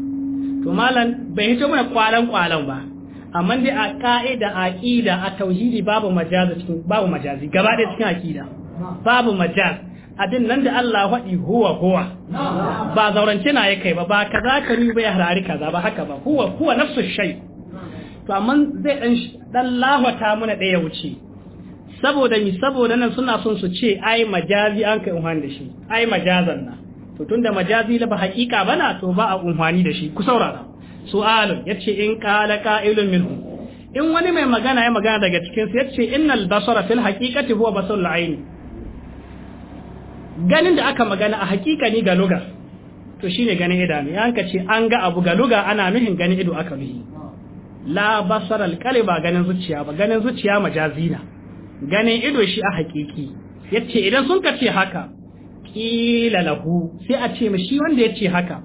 to malam bai hito mana kwalan kwalan ba amma dai a ka'ida aqida a tauhidi babu majazi cikin babu majazi gaba da cikin aqida babu majaz adin nan da Allah faɗi huwa huwa ba zaurance na yake ba ba kaza ka ri bai harari kaza ba haka ba huwa huwa nafsu shay to amma zai dan dan mana ɗaya wuce saboda ni saboda nan suna son su ce ai majazi an kai unhani da shi ai majazan na to tunda majazi la ba haƙiƙa bana to ba a unhani da shi ku saurara su'alun ce in qala qa'ilun minhu in wani mai magana ya magana daga cikin su yace innal basara fil haqiqati huwa basarul aini ganin da aka magana a haƙiƙani ga to shine ganin idanu ya hanka ce an ga abu Galuga luga ana nuhin ganin ido aka nuhi la basar ba ganin zuciya ba ganin zuciya majazina ganin ido shi a Ya yace idan sun ka ce haka ƙila lahu sai a ce shi wanda ya ce haka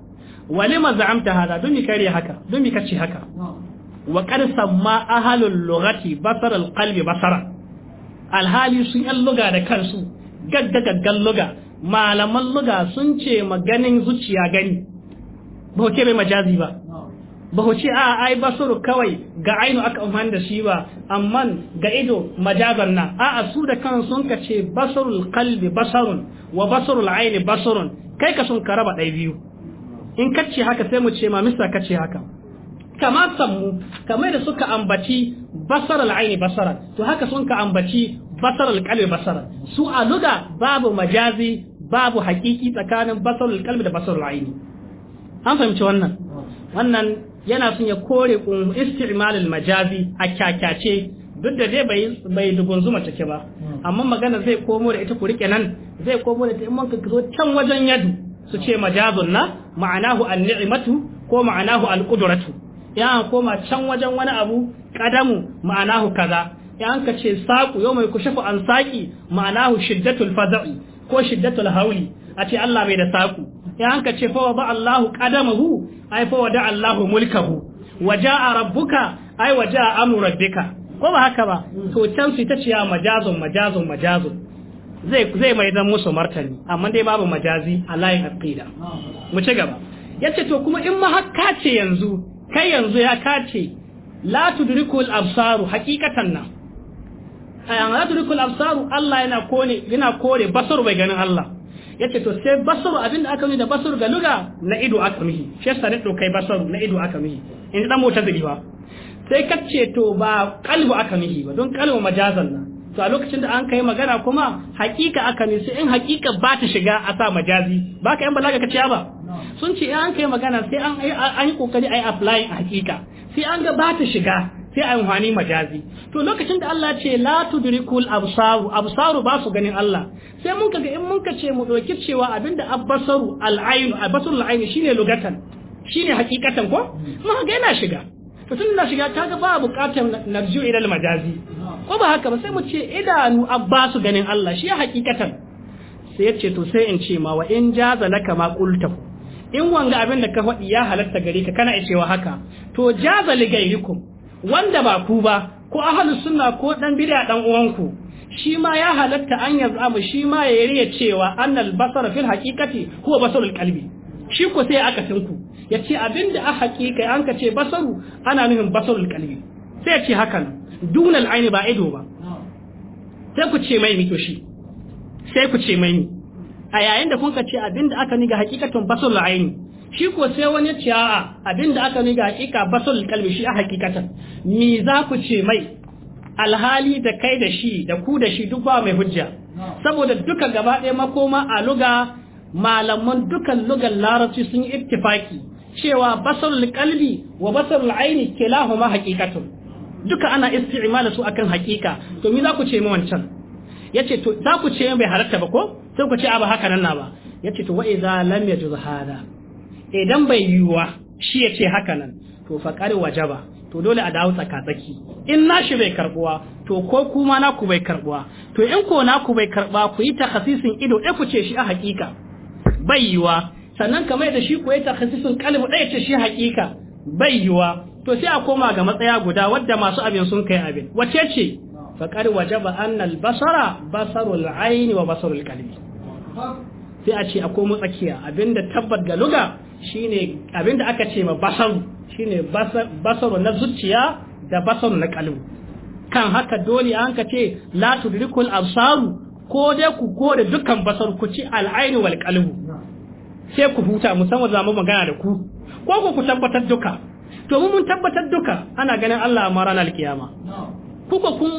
walima za'amta hada don mi kare haka don mi kace haka wa qad samma ahlul lughati basar alqalbi basara alhali sun yan luga da kansu gagga gaggan luga malaman luga sun ce maganin zuciya gani ba ke mai majazi ba ba ku ce a ai basaru kawai ga ainu aka amfani da shi ba amma ga ido majazan na a a su da kan sun ka ce basarul kalbi basarun wa basarul aini basarun kai ka sun ka raba ɗaya biyu in kace haka sai mu ce ma mista kace haka kama sammu kamar da suka ambaci basaral aini basaran to haka sun ka ambaci basaral kalbi basaran su a luga babu majazi babu hakiki tsakanin basaral kalbi da basaral aini an fahimci wannan wannan yana sun ya kore kun isti'malul majazi a kyakyace duk da zai bai bai dugunzuma take ba amma magana zai komo da ita ku rike nan zai komo da ita in mun ka zo can wajen yadu su ce majazun na ma'anahu an-ni'matu ko ma'anahu al-qudratu ya koma can wajen wani abu kadamu ma'anahu kaza ya an ka ce saƙu yau mai kushafu an saki ma'anahu shiddatul faza'i ko shiddatul hauli a ce Allah mai da saku ya an ka ce fa wada Allahu qadamahu ai fa wada Allahu mulkahu waja'a rabbuka ai waja'a amru rabbika ko ba haka ba to can su ta ce majazun majazun majazun zai mai dan musu martani amma dai babu majazi a layin aqida mu ci gaba yace to kuma in ma hakka ce yanzu kai yanzu ya kace la tudrikul absaru haqiqatan nan eh, ayan la tudrikul absaru Allah yana kone yana kore basar bai ganin Allah yace to sai basaru abinda aka yi da basaru ga luga na ido aka mihi shi yasa ne to kai basaru na ido aka mihi in dan motar da sai kace to ba kalbu aka mihi ba don kalbu majazan nan to a lokacin da an kai magana kuma hakika aka nisu in hakika ba ta shiga a sa majazi ba ka yan balaga ka ciya ba sun ce in an kai magana sai an yi kokari a yi apply a hakika sai an ga ba ta shiga sai a yi wani majazi to lokacin da Allah ce la dirikul absaru absaru ba su ganin Allah sai mun kaga in mun ka ce mu dauki cewa abinda abbasaru al-ayn al ayn shine lugatan shine hakikatan ko mm. mun ga yana shiga to tun da shiga ga ba bukatar narju ila al-majazi ko ba haka ba sai mu ce idanu abbasu ganin Allah shi hakikatan sai yace to sai in ce ma wa in jaza laka ma qulta in wanga abin da ka faɗi ya halatta gare ka kana wa haka to jaza li gairikum wanda ba ku ba ko ahlus sunna ko dan bid'a dan uwanku shi ma ya halatta an yazamu shi ma ya riya cewa annal basara fil haqiqati huwa basarul qalbi shi ko sai aka tinku yace abinda a haƙiƙa an ka ce basaru ana nufin basarul qalbi sai ya ce hakan Duna aini ba ido ba sai ku ce mai mito shi sai ku ce mai a yayin da kun ka ce abinda aka ni ga hakikatun basul aini shi ko sai wani ya ce a'a abinda aka ni ga hakika basul kalbi shi a hakikatan ni za ku ce mai alhali da kai da shi da ku da shi duk ba mai hujja saboda duka gaba ɗaya makoma a luga malaman dukan lugan larabci sun yi ittifaki cewa basul kalbi wa basul aini kilahuma hakikatun duka ana isti'mala su akan hakika to me za ku ce mu wancan yace to za ku ce bai halatta ba ko sai ku ce a ba haka nan na ba yace to wa idza lam yajuz hada idan bai yiwuwa shi yace haka nan to faqar wajaba to dole a dawo tsaka tsaki in nashi bai karbuwa to ko kuma na ku bai karbuwa to in ko na ku bai karba ku yi takhasisin ido ɗaya ku ce shi a hakika bai yiwuwa sannan kamar da shi ku yi takhasisin kalbu ɗaya ce shi hakika bai yiwuwa to sai a koma ga matsaya guda wadda masu abin sun kai abin wace ce faqad wajaba annal basara basarul aini wa basarul qalbi sai a ce akwai matsakiya abinda tabbat ga luga shine abinda aka ce ma basaru shine basaru na zuciya da basar na kalbu kan haka dole an ka ce la tudrikul absaru ko dai ku gode dukkan basar ku ci al'aini wal qalbi sai ku huta musamman zamu magana da ku ko ku tabbatar duka to mun tabbatar duka ana ganin Allah amma ranar kiyama kuka kun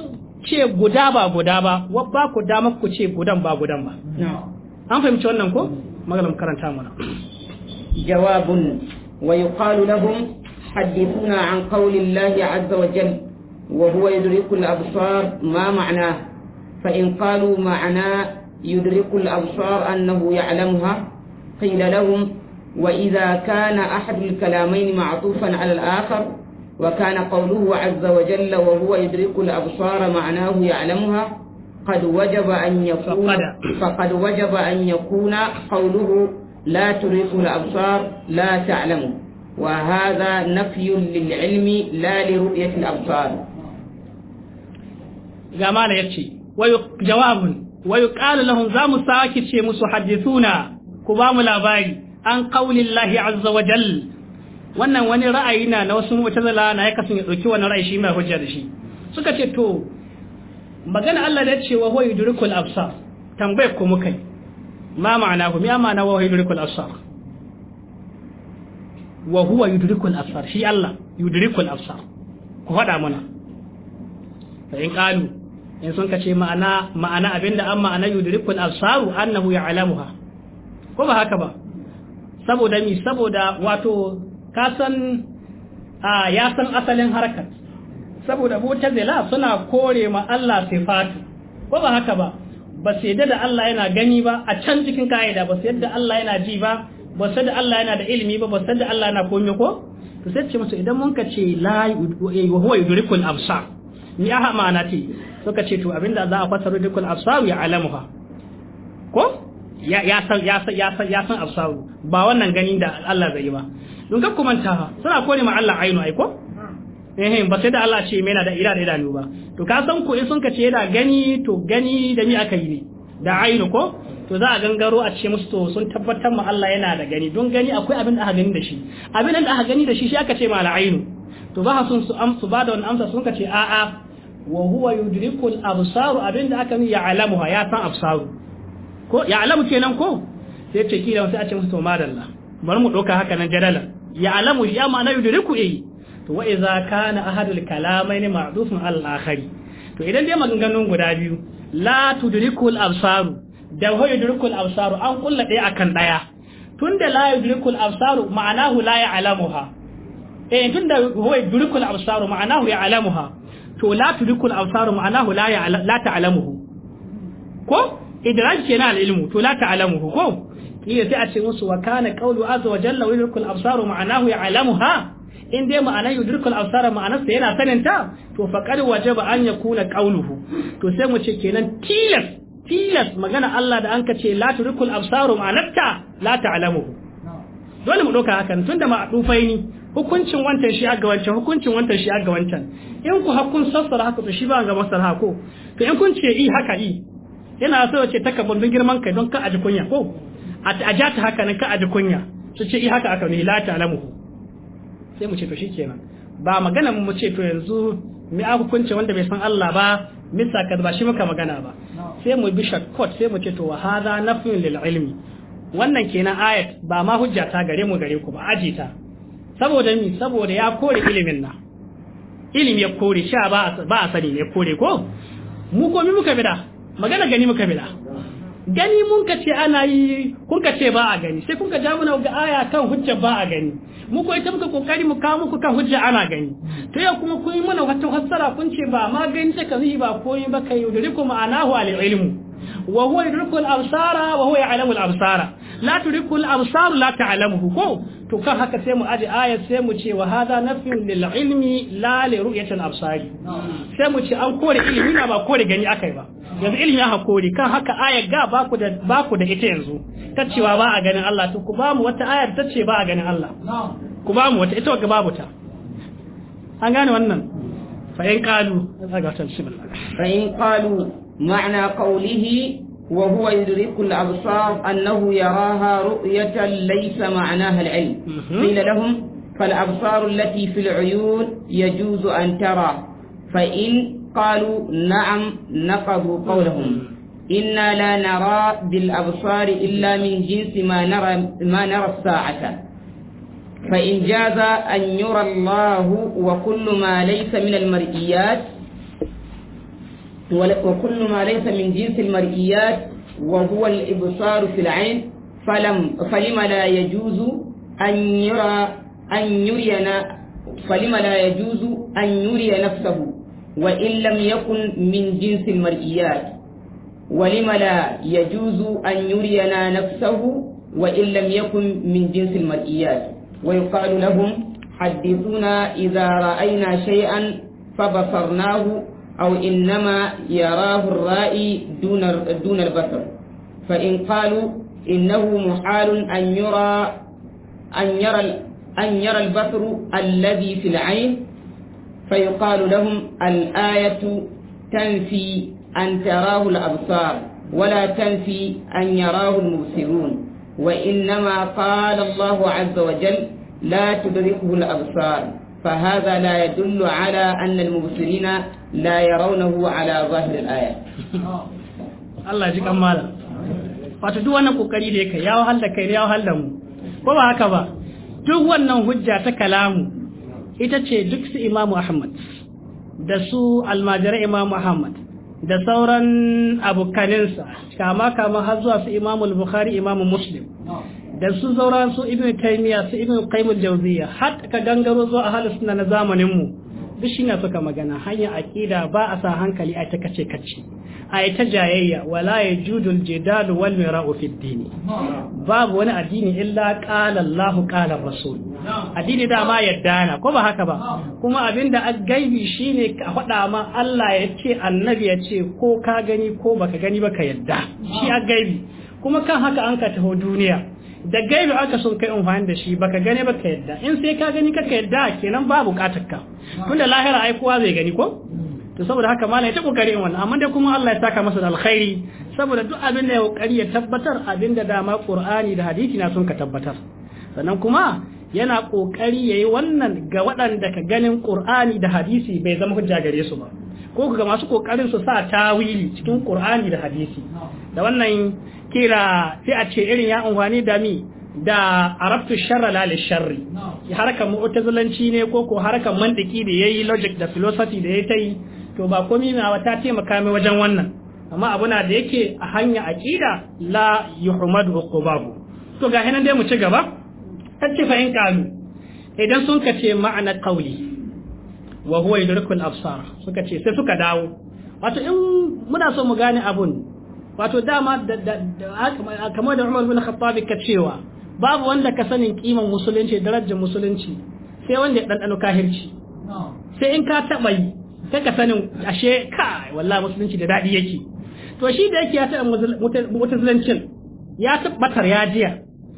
ce guda ba guda ba wabba ku dama ku ce gudan ba gudan ba an fahimci wannan ko magalam karanta mana jawabun wa yuqalu lahum حدثونا azza wa الله Wa وجل وهو يدرك ma ما معناه فإن قالوا معناه يدرك الأبصار أنه يعلمها قيل لهم وإذا كان أحد الكلامين معطوفا على الآخر وكان قوله عز وجل وهو يدرك الأبصار معناه يعلمها قد وجب أن يكون فقد وجب أن يكون قوله لا تدرك الأبصار لا تعلم وهذا نفي للعلم لا لرؤية الأبصار جمال يكشي جواب ويقال لهم زام ساكت شي مسحدثون كبام الأباري an qaulillahi azza wa wannan wani ra'ayi na na wasu mu'tazila na ya kasance dauki wani ra'ayi shi mai hujja da shi suka ce to magana Allah da ce wa huwa yudrikul absar tambayar ku muka yi ma ma'ana hu ya ma'ana wa huwa yudrikul absar wa huwa yudrikul absar shi Allah yudrikul absar ku faɗa mana fa in qalu in sun kace ma'ana ma'ana abinda an ma'ana yudrikul absaru annahu ya'lamuha ko ba haka ba saboda mi saboda wato ka san ya san asalin harkar saboda zela suna kore ma Allah sifatu ko ba haka ba ba su yadda da Allah yana gani ba a can cikin ka'ida ba su yadda Allah yana ji ba ba su yadda Allah yana da ilimi ba ba su yadda Allah yana komai ko to sai ce musu idan mun ka ce la wa huwa yudrikul absar ni aha ma'ana ce suka ce to abinda za a fasara yudrikul absar ya alamuha ko ya san abu sauru. ba wannan ganin da Allah zai yi ba don ka kumanta suna kone ma Allah ainu ai ko ba sai da Allah ce mena da ira da idanu ba to ka san ko in sun ka ce yana gani to gani da mi aka yi ne da ainu ko to za a gangaro a ce musu to sun tabbatar ma Allah yana da gani don gani akwai abin da aka gani da shi abin da aka gani da shi shi aka ce ma ainu to ba sun su amsu ba da wannan amsa sun ka ce a'a wa huwa yudrikul absaru abin da aka yi ya alamuha ya san absaru ko ya alamu kenan ko sai ce kila wasu a ce musu to madalla bari mu ɗauka haka nan jadala ya alamu ya ma'ana yudriku eh to wa idza kana ahadul kalamaini ma'dufun al akhari to idan dai maganganun guda biyu la tudrikul absaru da wa yudrikul absaru an kulla ɗaya akan ɗaya tunda la yudrikul absaru ma'anahu la ya'lamuha eh tunda huwa yudrikul absaru ma'anahu ya'lamuha to la tudrikul absaru ma'anahu la la ta'lamuhu ko idraj kenan al-ilmu to la ta'lamuhu ko kila sai a ce musu wa kana qawlu azza wa jalla yudrikul absaru ma'anahu ya'lamuha in dai ma'ana yudrikul absara ma'anarsa yana sanin ta to faqad wajaba an yakuna qawluhu to sai mu ce kenan tilas tilas magana Allah da anka ce la tudrikul absaru ma'anarta la ta'lamuhu dole mu dauka hakan tunda ma ni hukuncin wancan shi ga wancan hukuncin wancan shi ga wancan in ku hakun sassara haka to shi ba ga masar hako to in kun ce i haka i yana so ya ce takabbar don girman kai don ka aji kunya ko a ja ta haka nan ka aji kunya su ce yi haka aka ne la lamu sai mu ce to shikenan ba magana mu ce to yanzu mi hukunci wanda bai san Allah ba misa ka ba shi muka magana ba sai mu bi shortcut sai mu ce to wa hadha nafyun lil ilmi wannan kenan ayat ba ma hujja ta gare mu gare ku ba aji ta saboda mi saboda ya kore ilimin na ilimi ya kore sha ba a sani ne kore ko mu komi muka bida magana gani muka bila gani mun ka ce ana yi kun ka ce ba a gani sai kun ka ja muna ga aya kan hujja ba a gani mu ko ita muka kokari mu kawo muku kan hujja ana gani to yau kuma kun yi mana wata fassara kun ce ba ma gani ta kan ba koyi ba kai yudriku ma'anahu al-ilmu وهو يدرك الأبصار وهو يعلم الأبصار لا تدرك الأبصار لا تعلمه ko? to kan haka sai mu aje aya sai mu ce wa hadha nafyun lil ilmi la li ru'yati al sai mu ce an kore ilimi na ba kore gani akai ba yanzu ilmi ya hakuri kan haka ayar ga baku da da ita yanzu ta cewa ba a ganin Allah to ku ba mu wata ayar ta ce ba a ganin Allah ku ba mu wata ita ga babu ta an gane wannan fa in qalu daga wata bismillah fa in qalu ma'ana qawlihi wa huwa yudriku al-absar annahu yaraha ru'yatan laysa ma'naha al-'ilm mhm. qila lahum فالأبصار التي في العيون يجوز أن ترى فإن قالوا نعم نقضوا قولهم إنا لا نرى بالأبصار إلا من جنس ما نرى, ما نرى الساعة فإن جاز أن يرى الله وكل ما ليس من المرئيات وكل ما ليس من جنس المرئيات وهو الإبصار في العين فلم فلم لا يجوز أن يرى أن يرينا فلم لا يجوز أن يري نفسه وإن لم يكن من جنس المرئيات ولم لا يجوز أن يرينا نفسه وإن لم يكن من جنس المرئيات ويقال لهم حدثونا إذا رأينا شيئا فبصرناه أو إنما يراه الرائي دون دون البصر فإن قالوا إنه محال أن يرى أن يرى أن يرى البصر الذي في العين فيقال لهم الآية تنفي أن تراه الأبصار ولا تنفي أن يراه المبصرون وإنما قال الله عز وجل لا تدركه الأبصار فهذا لا يدل على أن المبصرين لا يرونه على ظاهر الآية Allah ji kammala wato duk wannan kokari da yake ya wahal da kai ya wahal da mu ko ba haka ba duk wannan hujja ta kalamu ita ce duk su imamu ahmad da su almajirai imamu ahmad da sauran abokaninsa kama kama har zuwa su imamu bukhari imamu muslim da su zauran su ibn taymiya su ibn qayyim al har ka gangaro zuwa ahlus na zamanin mu duk shi na suka magana hanyar aƙida ba a sa hankali a ta kace kace a ta jayayya wala ya judul jidalu wal mira'u dini babu wani addini illa qala Allahu qala rasul addini da ma yadda na ko ba haka ba kuma abinda gaibi shine ka faɗa ma Allah ya ce annabi ya ce ko ka gani ko baka gani ba ka yadda shi gaibi kuma kan haka an ka taho duniya da gaibi aka sun kai amfani da shi baka gane ba ka yadda in sai ka gani kaka yadda kenan babu bukatar ka tunda lahira ai zai gani ko to saboda haka malai ta kokari in wannan amma dai kuma Allah ya saka masa da alkhairi saboda duk abin da ya kokari ya tabbatar abin da dama Qur'ani da hadisi na sun ka tabbatar sannan kuma yana kokari yayi wannan ga waɗanda ka ganin Qur'ani da hadisi bai zama hujja gare su ba ko ga masu kokarin su sa tawili cikin Qur'ani da hadisi da wannan kira sai a ce irin ya unhwani da mi da arabtu sharra la li sharri harkar mu'tazilanci ne ko ko harkar mantiki da yayi logic da philosophy da yayi tai to ba komai ne ta taimaka makami wajen wannan amma abu na da yake a hanya aqida la yuhmadu qubabu to ga hinan dai mu ci gaba tace fa in kalu idan sun ka ce ma'ana qawli wa huwa yudrikul absar suka ce sai suka dawo wato in muna so mu gane abun wato dama kamar da Umar bin Khattab ka cewa babu wanda ka sanin kiman musulunci darajar musulunci sai wanda ya ɗanɗano kahirci sai in ka taɓa yi sai ka sanin ashe ka wallahi musulunci da daɗi yake to shi da yake ya taɓa mutazulancin ya tabbatar ya jiya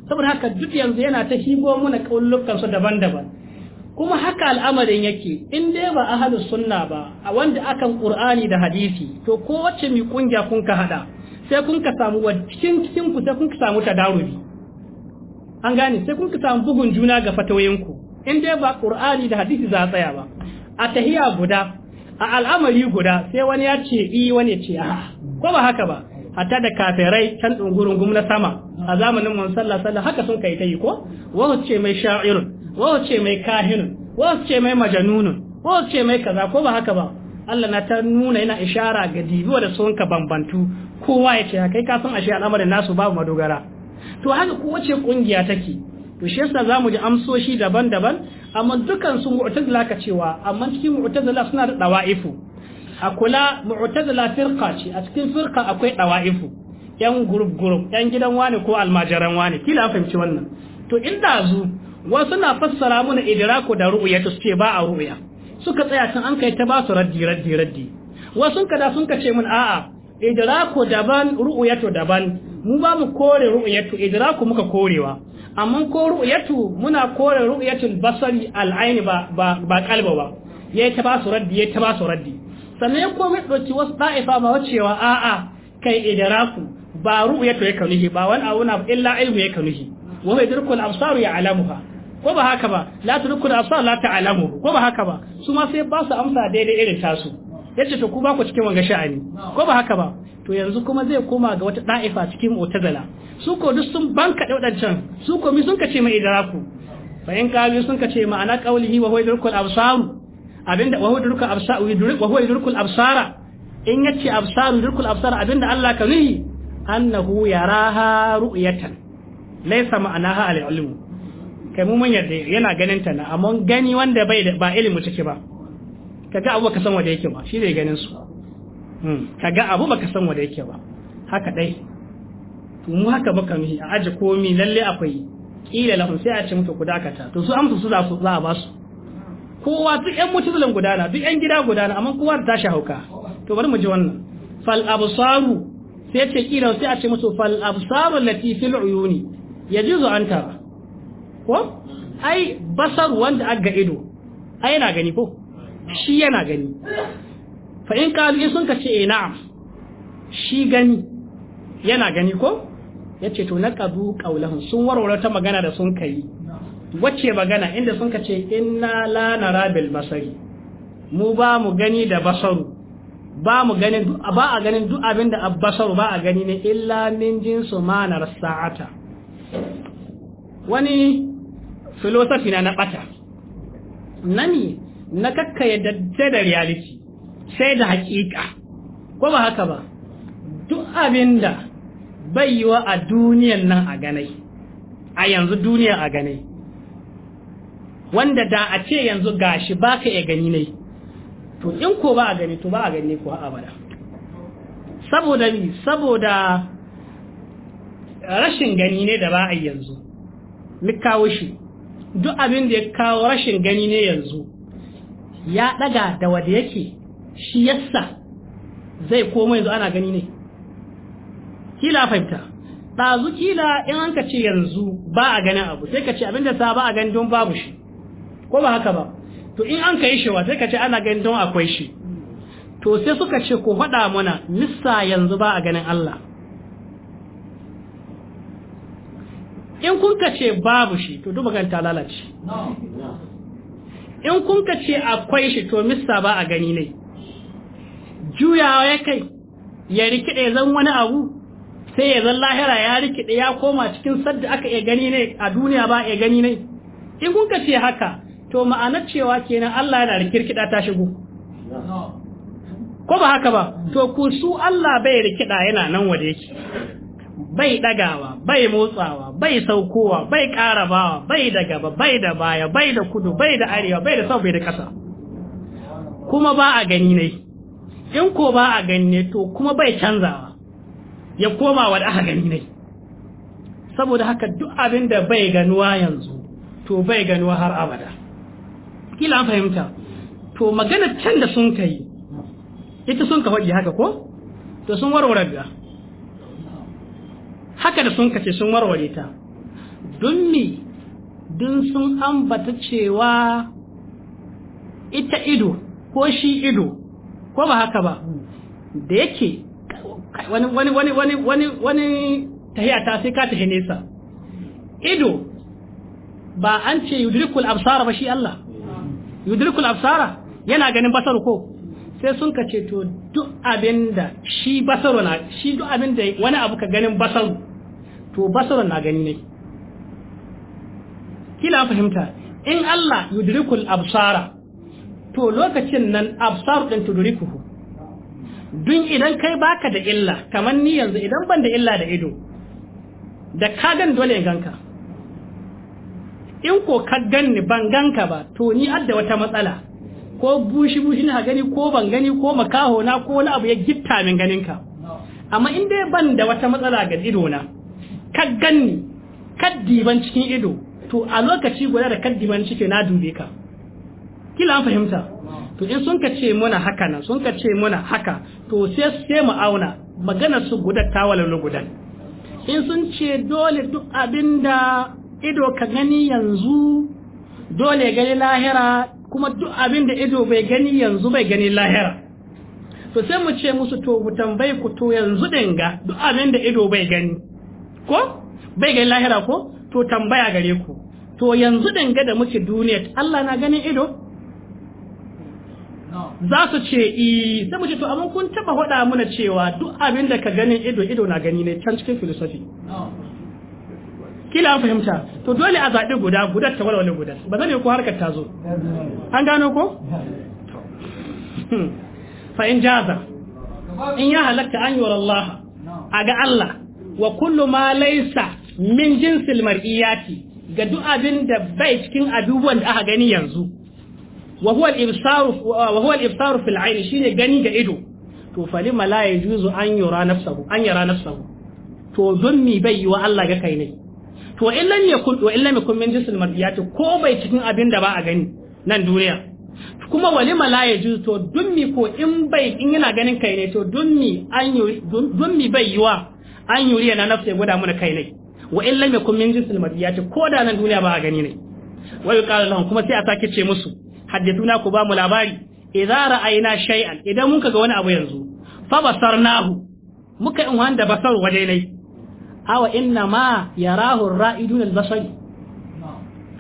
saboda haka duk yanzu yana ta higo muna kaulukansu daban-daban kuma haka al'amarin yake in dai ba ahlus sunna ba a wanda akan qur'ani da hadisi to kowace mai ƙungiya kungiya kun ka hada sai kun ka samu wajen cikin cikin ku sai kun ka samu tadarubi an gane sai kun ka samu bugun juna ga ku. in dai ba qur'ani da hadisi za a tsaya ba a tahiya guda a al'amari guda sai wani ya ce i wani ya ce a ko ba haka ba hatta da kafirai can dungurun gumna sama a zamanin mun sallah sallah haka sun kai ta yi ko wasu ce mai sha'irun wasu ce mai kahinun wasu ce mai majanunun wasu ce mai kaza ko ba haka ba Allah na ta nuna yana ishara ga dibiwa da sun ka bambantu kowa ya ce kai ka san ashe al'amarin nasu babu madogara to haka wace kungiya take to shi yasa zamu ji amsoshi daban-daban amma dukan sun mu'tazila ka cewa amma cikin mu'tazila suna da dawa'ifu a kula mu'tazila firqa ce a cikin firqa akwai dawa'ifu yan group group yan gidan wani ko almajiran wani kila fahimci wannan to inda zu wasu na fassara mana idrako da ru'ya to ce ba a ru'ya suka tsaya tun an kai ta ba su raddi raddi raddi wasu kada sun ka ce mun a'a idraku daban ru'yatu daban mu ba mu kore ru'yatu idraku muka korewa amma ko ru'yatu muna kore ru'yatul basari al'aini ba ba ba kalba ba yayi ta ba su raddi yayi ta ba su raddi sannan ya komai doki wasu da'ifa ma wacewa a'a kai idraku ba ru'yatu ya kanuhi ba wani abu na illa ilmu ya kanuhi wa idrakul absaru ya alamuha ko ba haka ba la turku da asal la ta'lamu ko ba haka ba su ma sai ba su amsa daidai irin tasu yace to ku ba ku cikin wanga sha'ani ko ba haka ba to yanzu kuma zai koma ga wata da'ifa cikin mu'tazila su ko duk sun banka wadancan su ko mi sun kace mai idraku fa in kalu sun kace ma'ana qawlihi wa huwa yudrikul absar abinda wa huwa yudrikul absar wa huwa yudrikul absara in yace absar yudrikul absar abinda Allah ka nuhi annahu yaraha ru'yatan laysa ma'anaha al-ilmu kai mu mun yarda yana ganin ta na amma gani wanda bai da ba ilimi take ba kaga abu baka san wanda yake ba shi ne ganin su hmm. kaga abu baka san wanda yake ba haka dai to mu haka baka nuhi a aje komi lalle akwai kila la sai a ce muka dakata, to su amsu su za su za a ba su kowa duk yan mutuzulan gudana duk yan gida gudana amma kowa ta tashi hauka to bari mu ji wannan fal absaru sai ce kila sai a ce musu fal absaru lati fil uyuni yajuzu an tara ko ai basar wanda aga ido ai yana gani ko shi yana gani fa in kalu sun ka ce eh na'am shi gani yana gani ko yace to na qadu qaulahum sun warware ta magana da sun kai wacce magana inda sun ka ce inna la nara bil basari mu ba mu gani da basaru ba mu ganin ba a ganin duk abin da abbasaru ba a gani ne illa min jinsu manar sa'ata wani filosofi na na na ne na kakka yadda da reality sai da hakika ko ba haka ba duk abin da bai wa a duniyan nan a ganai a yanzu duniya a ganai wanda da a ce yanzu gashi ba ka iya gani ne to in ko ba a gani to ba a gani ko a abada saboda ni saboda rashin gani ne da ba a yanzu ni kawo shi duk abin da ya kawo rashin gani ne yanzu ya daga da wadda yake shi yassa zai komo yanzu ana gani ne kila fahimta ɗazu kila in an ka ce yanzu ba a ganin abu sai ka ce abin da sa ba a gani don babu shi ko ba haka ba to in an ka yi shewa sai ka ce ana gani don akwai shi to sai suka ce ko faɗa mana nissa yanzu ba a ganin Allah in kun ka ce babu shi to duk kan ta lalace in kun ka ce akwai shi to mista ba a gani ne juyawa ya kai ya rikide zan wani abu sai ya zan lahira ya rikide ya koma cikin sadda aka iya gani ne a duniya ba iya gani ne in kun ka ce haka to ma'anar cewa kenan Allah yana rikirkida ta shigo ko ba haka ba to ku su Allah bai rikida yana nan da yake bai ɗagawa bai motsawa bai saukowa bai ƙarabawa bai da gaba bai da baya bai da kudu bai da arewa bai da sau bai da ƙasa kuma ba a gani ne in ko ba a gani ne to kuma bai canzawa ya koma wa da gani ne saboda haka duk abin da bai ganuwa yanzu to bai ganuwa har abada kila an fahimta to magana can da sun kai ita sun ka faɗi haka ko to sun warware da haka da sun kace sun warware ta don mi dun sun ambata cewa ita ido ko shi ido ko ba haka ba da yake wani wani wani wani wani wani ta sai ka tahi nesa ido ba an ce yudrikul absara ba shi Allah yudrikul absara yana ganin basaru ko sai sun ka ce to duk abinda shi basaru na shi duk abinda wani abu ka ganin basaru to basaran na gani ne kila fahimta in Allah yudrikul absara to lokacin nan absaru din tudrikuhu dun idan kai baka da illa kamar ni yanzu idan ban da illa da ido da ka gan dole ganka in ko ka ganni ban ganka ba to ni adda wata matsala ko bushi bushi na gani ko ban gani ko makaho na ko wani abu ya gitta min ganinka amma in dai ban da wata matsala ga ido na ka ganni kaddiban cikin ido to a lokaci guda da kaddiban cike na dube ka kila an fahimta to in sun ka ce muna haka nan sun ka ce muna haka to sai sai mu auna magana su guda ta walalu gudan in sun ce dole duk abinda ido ka gani yanzu dole gani lahira kuma duk abinda ido bai gani yanzu bai gani lahira to sai mu ce musu to mu tambayi ku to yanzu dinga duk abinda ido bai gani ko bai ga lahira ko to tambaya gare ku to yanzu dinga da muke duniya Allah na ganin ido za su ce i eh, sai mu ce to amma kun taba faɗa mana cewa duk abin da ka ganin ido ido na gani ne can cikin philosophy kila an fahimta to dole a zaɓi guda guda ta walwale guda ba zan yi ko harkar ta zo an gano ko hmm. fa in jaza in ya halatta an yi Allah a ga Allah wa kullu ma laysa min jinsil mar'iyati ga duk abin da bai cikin abubuwan da aka gani yanzu wa huwa al-ibsaru wa huwa al-ibsaru fil ayn shine gani ga ido to fa lima la yajuzu an yura nafsahu an yara nafsahu to don mi bai yi wa Allah ga kai ne to in lam yakun wa in lam yakun min jinsil mar'iyati ko bai cikin abin da ba a gani nan duniya kuma wali la ya ji to dummi ko in bai in yana ganin kai ne to dummi an yi dummi bai yiwa an yuri na nafsa ya gwada mana kai ne wa in lam yakun min jinsil madiyati ko da nan duniya ba a gani ne wa yuqalu lahum kuma sai a sake ce musu hadithuna ku ba mu labari idza ra'ayna shay'an idan mun kaga wani abu yanzu fa basarnahu muka in wanda basar waje ne awa inna ma yarahu raidun al basar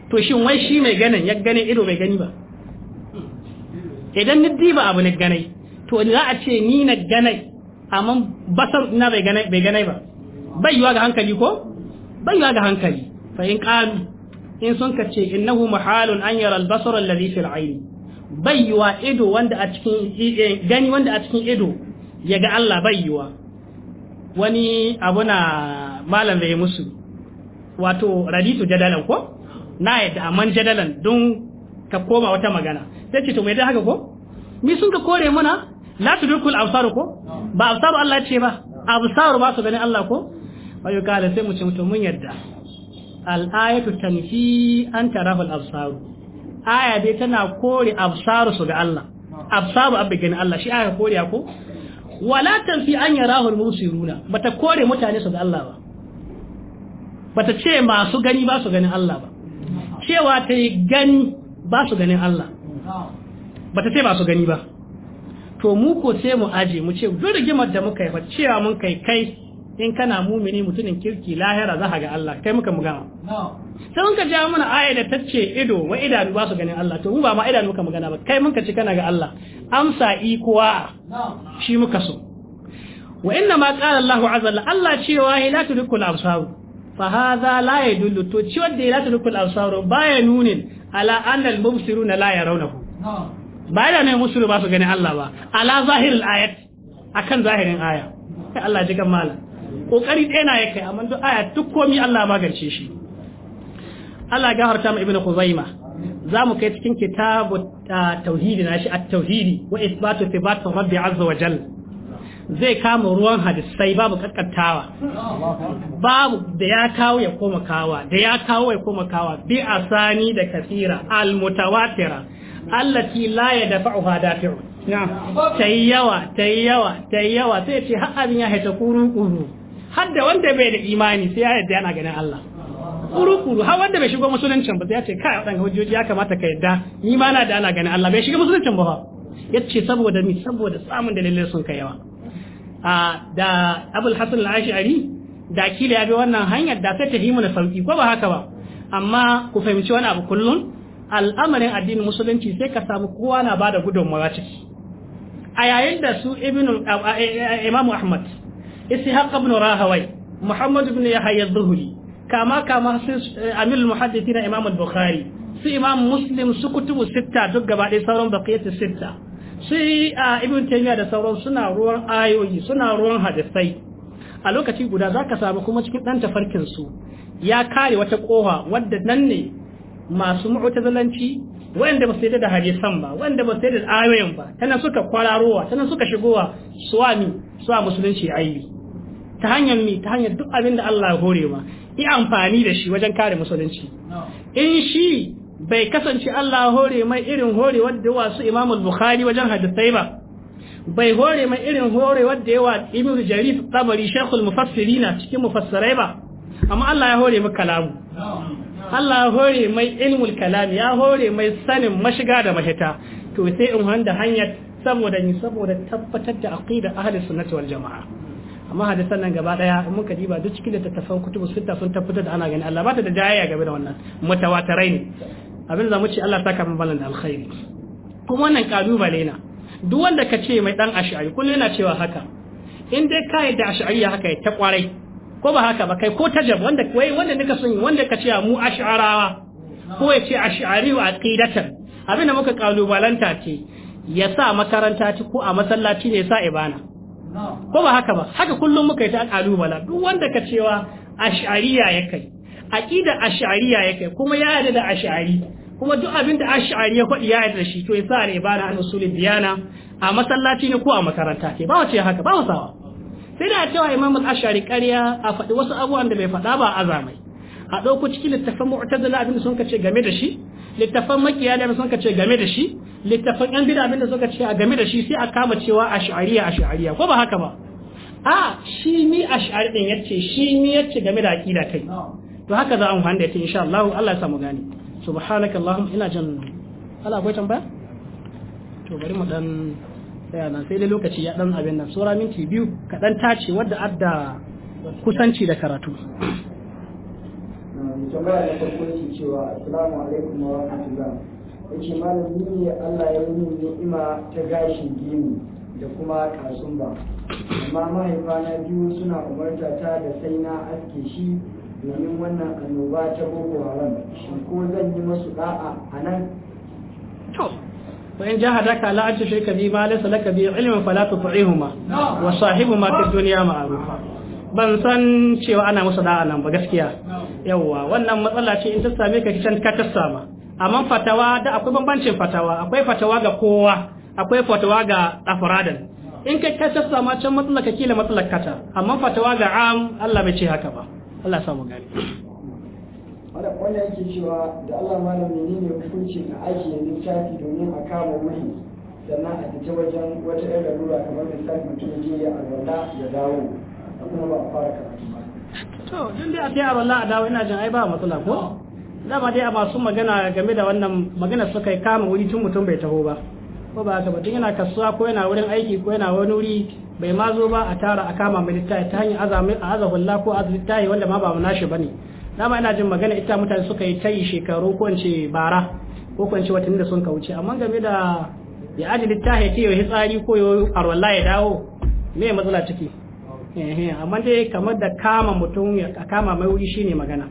to shin wai shi mai ganin ya gane ido bai gani ba idan niddi ba abu ne ganai to za a ce ni na ganai amma basar na bai ganai bai ganai ba bai yiwa ga hankali ko bai yiwa ga hankali fa in qalu in sun ka ce innahu mahalun an yara albasar alladhi fil ayn bai yiwa ido wanda a cikin eh, eh, gani wanda a cikin ido ya ga Allah bai yiwa wani abu na malam da ya musu wato raditu jadalan ko na yadda amman jadalan don ka koma wata magana sai ce to mai dai haka ko mi sun ka kore muna la tudrikul absar ko ba absaru Allah ce ba absaru ba su gani Allah ko wa yuqala sai mu ce mutum mun yadda al ayatu tanfi an tarahu al absar aya dai tana kore absaru su ga Allah absaru ba gani Allah shi aya kore ko wala tanfi an yarahu al musiruna bata kore mutane su ga Allah ba bata ce masu gani ba su ganin Allah ba cewa ta yi gani ba su ganin Allah bata ce ba su gani ba to mu ko sai mu aje mu ce duk rigimar da muka yi fa cewa mun kai kai in kana mumini mutumin kirki lahira za ga Allah kai muka mu gama sai mun ka ja mana aya da tace ido wa idanu ba su ganin Allah to mu ba ma idanu muka magana ba kai mun ka ci kana ga Allah amsa ikuwa shi muka so wa inna ma qala Allahu azza Allah cewa la tudrikul absar fa hadha la yadullu to ciwon da la tudrikul absar ya nunin ala anna al mubsiruna la yarawnahu ba da ne musulmi ba su gani Allah ba ala zahirin ayat akan zahirin aya sai Allah ji kan malam kokari ɗaya na yake amma duk aya duk komi Allah magance shi Allah harta mu ibnu Khuzaima zamu kai cikin kitabu tauhidi na shi at-tauhidi wa isbatu thibat rabbi azza wa jalla zai kama ruwan hadisai babu kakkantawa babu da ya kawo ya koma kawa da ya kawo ya koma kawa bi asani da kasira al mutawatira allati la ya dafa'uha dafi'un tayi yawa tayi yawa tayi yawa sai ce har ya haita kuru kuru har da wanda bai da imani sai ya yadda yana ganin Allah kuru kuru har wanda bai shiga musuluncin ba sai ya ce kai wadannan hujjoji ya kamata ka yadda ni ma na da ana ganin Allah bai shiga musuluncin ba ya ce saboda ni saboda samun dalilin sun kai yawa a da Abul Hasan al-Ash'ari da kila ya bi wannan hanyar da sai ta himu na sauki ko ba haka ba amma ku fahimci wani abu kullun al'amarin addinin musulunci sai ka samu kowa na bada gudunmawa ciki a yayin da su ibn imam ahmad ishaq ibn rahawai muhammad ibn yahya zuhri kama kama su eh, amil muhaddithina imam al-bukhari su imam muslim su kutubu sitta duk gaba ɗaya sauran baqiyatu sitta su ibn taymiya da sauran suna ruwan ayoyi suna ruwan hadisai a lokaci guda zaka samu kuma cikin ɗan tafarkin su ya kare wata kowa wadda nan ne masu mu'tazilanci wanda ba su yadda da hadisan ba wanda ba su yadda da ayoyin ba tana suka kwararowa tana suka shigowa suwami suwa musulunci ayi ta hanyar mi ta hanyar duk abin da Allah ya hore ma yi amfani da shi wajen kare musulunci in shi bai kasance Allah hore mai irin hore wadda wasu imamu Bukhari wajen hadisai ba bai hore mai irin hore wanda yawa Ibn Jarir Tabari shaykhul Mufassirina cikin mufassirai ba amma Allah ya hore maka kalamu Allah ya hore mai ilmul kalami ya hore mai sanin mashiga da mahita to sai in wanda hanyar saboda ni saboda tabbatar da aqida ahli sunnati wal jamaa amma hadisan nan gaba daya in muka diba duk cikin littattafan kutubu sitta sun tabbatar da ana gani Allah ba ta da jayayya game da wannan mutawatirai ne abin da mu ce Allah saka mun balan alkhairi kuma wannan kalubale na duk wanda ka ce mai dan ash'ari kullu yana cewa haka in dai ka da ash'ari haka ya ta kwarai ko ba haka ba kai ko tajab wanda wai wanda nika son wanda ka ce mu ash'arawa ko ya ce ash'ari wa aqidatan abinda muka kalubalanta ce ya sa makaranta ci ko a masallaci ne sa ibana ko ba haka ba haka kullum muka yi ta kalubala duk wanda ka cewa ash'ariya ya kai aqida ash'ariya ya kai kuma ya yarda da ash'ari kuma duk abinda ash'ari ya faɗi ya yarda da shi to ya sa ne ibana an usulul diyana a masallaci ne ko a makaranta ce ba wace haka ba wasawa sai da cewa imam al-ashari ƙarya a faɗi wasu abubuwan da bai faɗa ba a zamai a ɗauko ciki littafan mu'tazila abin da sun kace game da shi littafan makiya da sun kace game da shi littafan yan bid'a abinda da suka ce a game da shi sai a kama cewa ash'ariya ash'ariya ko ba haka ba a shi ni ash'ari din yace shi ni yace game da aqida kai to haka za mu handa ta insha Allah Allah ya samu gani subhanakallahumma ina jan Allah akwai tambaya to bari mu dan tsaya nan sai dai lokaci ya dan abin nan sura minti biyu kaɗan tace wadda adda kusanci da karatu tambaya da farko cewa assalamu alaikum wa rahmatullah yace malam ni ne Allah ya yi ima ta gashi gini da kuma kasumba amma mahaifana biyu suna umarta ta da sai na aske shi domin wannan annoba ta boko haram shin ko zan yi masu da'a a nan فإن جاهدك على أن تشرك بما ليس لك به علم فلا تطعهما وصاحبهما في الدنيا معروفا ban san cewa ana musu da'a nan ba gaskiya yawwa wannan matsala ce in ta same ka kitan ka tassa sama amma fatawa da akwai bambancin fatawa akwai fatawa ga kowa akwai fatawa ga afradan in ka ta ma can matsala ka kila matsalar kata amma fatawa ga am Allah bai ce haka ba Allah samu gani wannan yake cewa da Allah malam menene hukuncin da ake littafi domin a kama mai sannan a fita wajen wata yar larura kamar misali mutum ya je ya alwala ya dawo kuma ba a fara karatu ba to din dai a kai alwala a dawo ina jin ai ba matsala ko dama dai a masu magana game da wannan magana suka yi kama wuri tun mutum bai taho ba ko ba haka tun yana kasuwa ko yana wurin aiki ko yana wani wuri bai ma zo ba a tara a kama mai littafi ta hanyar azamin a azahulla ko azlittahi wanda ma ba mu nashi bane dama ina jin magana ita mutane suka yi ta yi shekaru ko ce bara ko ko ce watanni da sun wuce amma game da ya aji littafi ya kiyo hitsari ko yo arwalla ya dawo me matsala ciki amma dai kamar da kama mutum ya kama mai wuri shine magana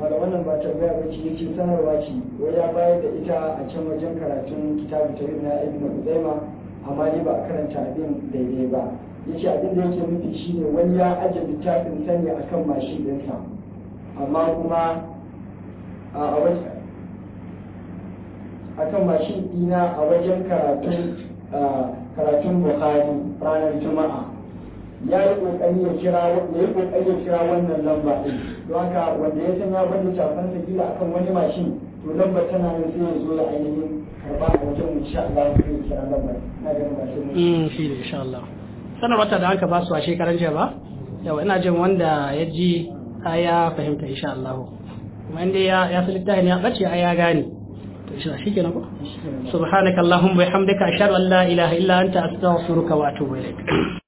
wanda wannan ba tambaya ba ce yace sanarwa ce wai ya bayar da ita a can wajen karatun kitabu ta tarihi na ibnu Uzaima amma ni ba karanta abin daidai ba yace abin da yake nufi ne wani ya ajiye littafin sani akan mashin ɗinsa amma kuma a wajen akan mashin ɗina a wajen karatun buhari ranar Juma'a ya yi ƙoƙari ya kira ya yi kokari ya kira wannan lamba ɗin don haka wanda ya san ya bada shafan sa gida akan wani mashin to lamba tana nan sai ya zo da ainihin karba a wajen insha Allah sai ya kira lamba na ganin ba sai mu shi hmm, insha Allah wata da aka ba su a shekaran jiya ba ina jin wanda ya ji aya fahimta insha Allah kuma inda ya ya fi littafin ya bace ya gane to insha shi kenan ko subhanakallahumma wa bihamdika ashhadu an la ilaha illa anta astaghfiruka wa atubu ilaik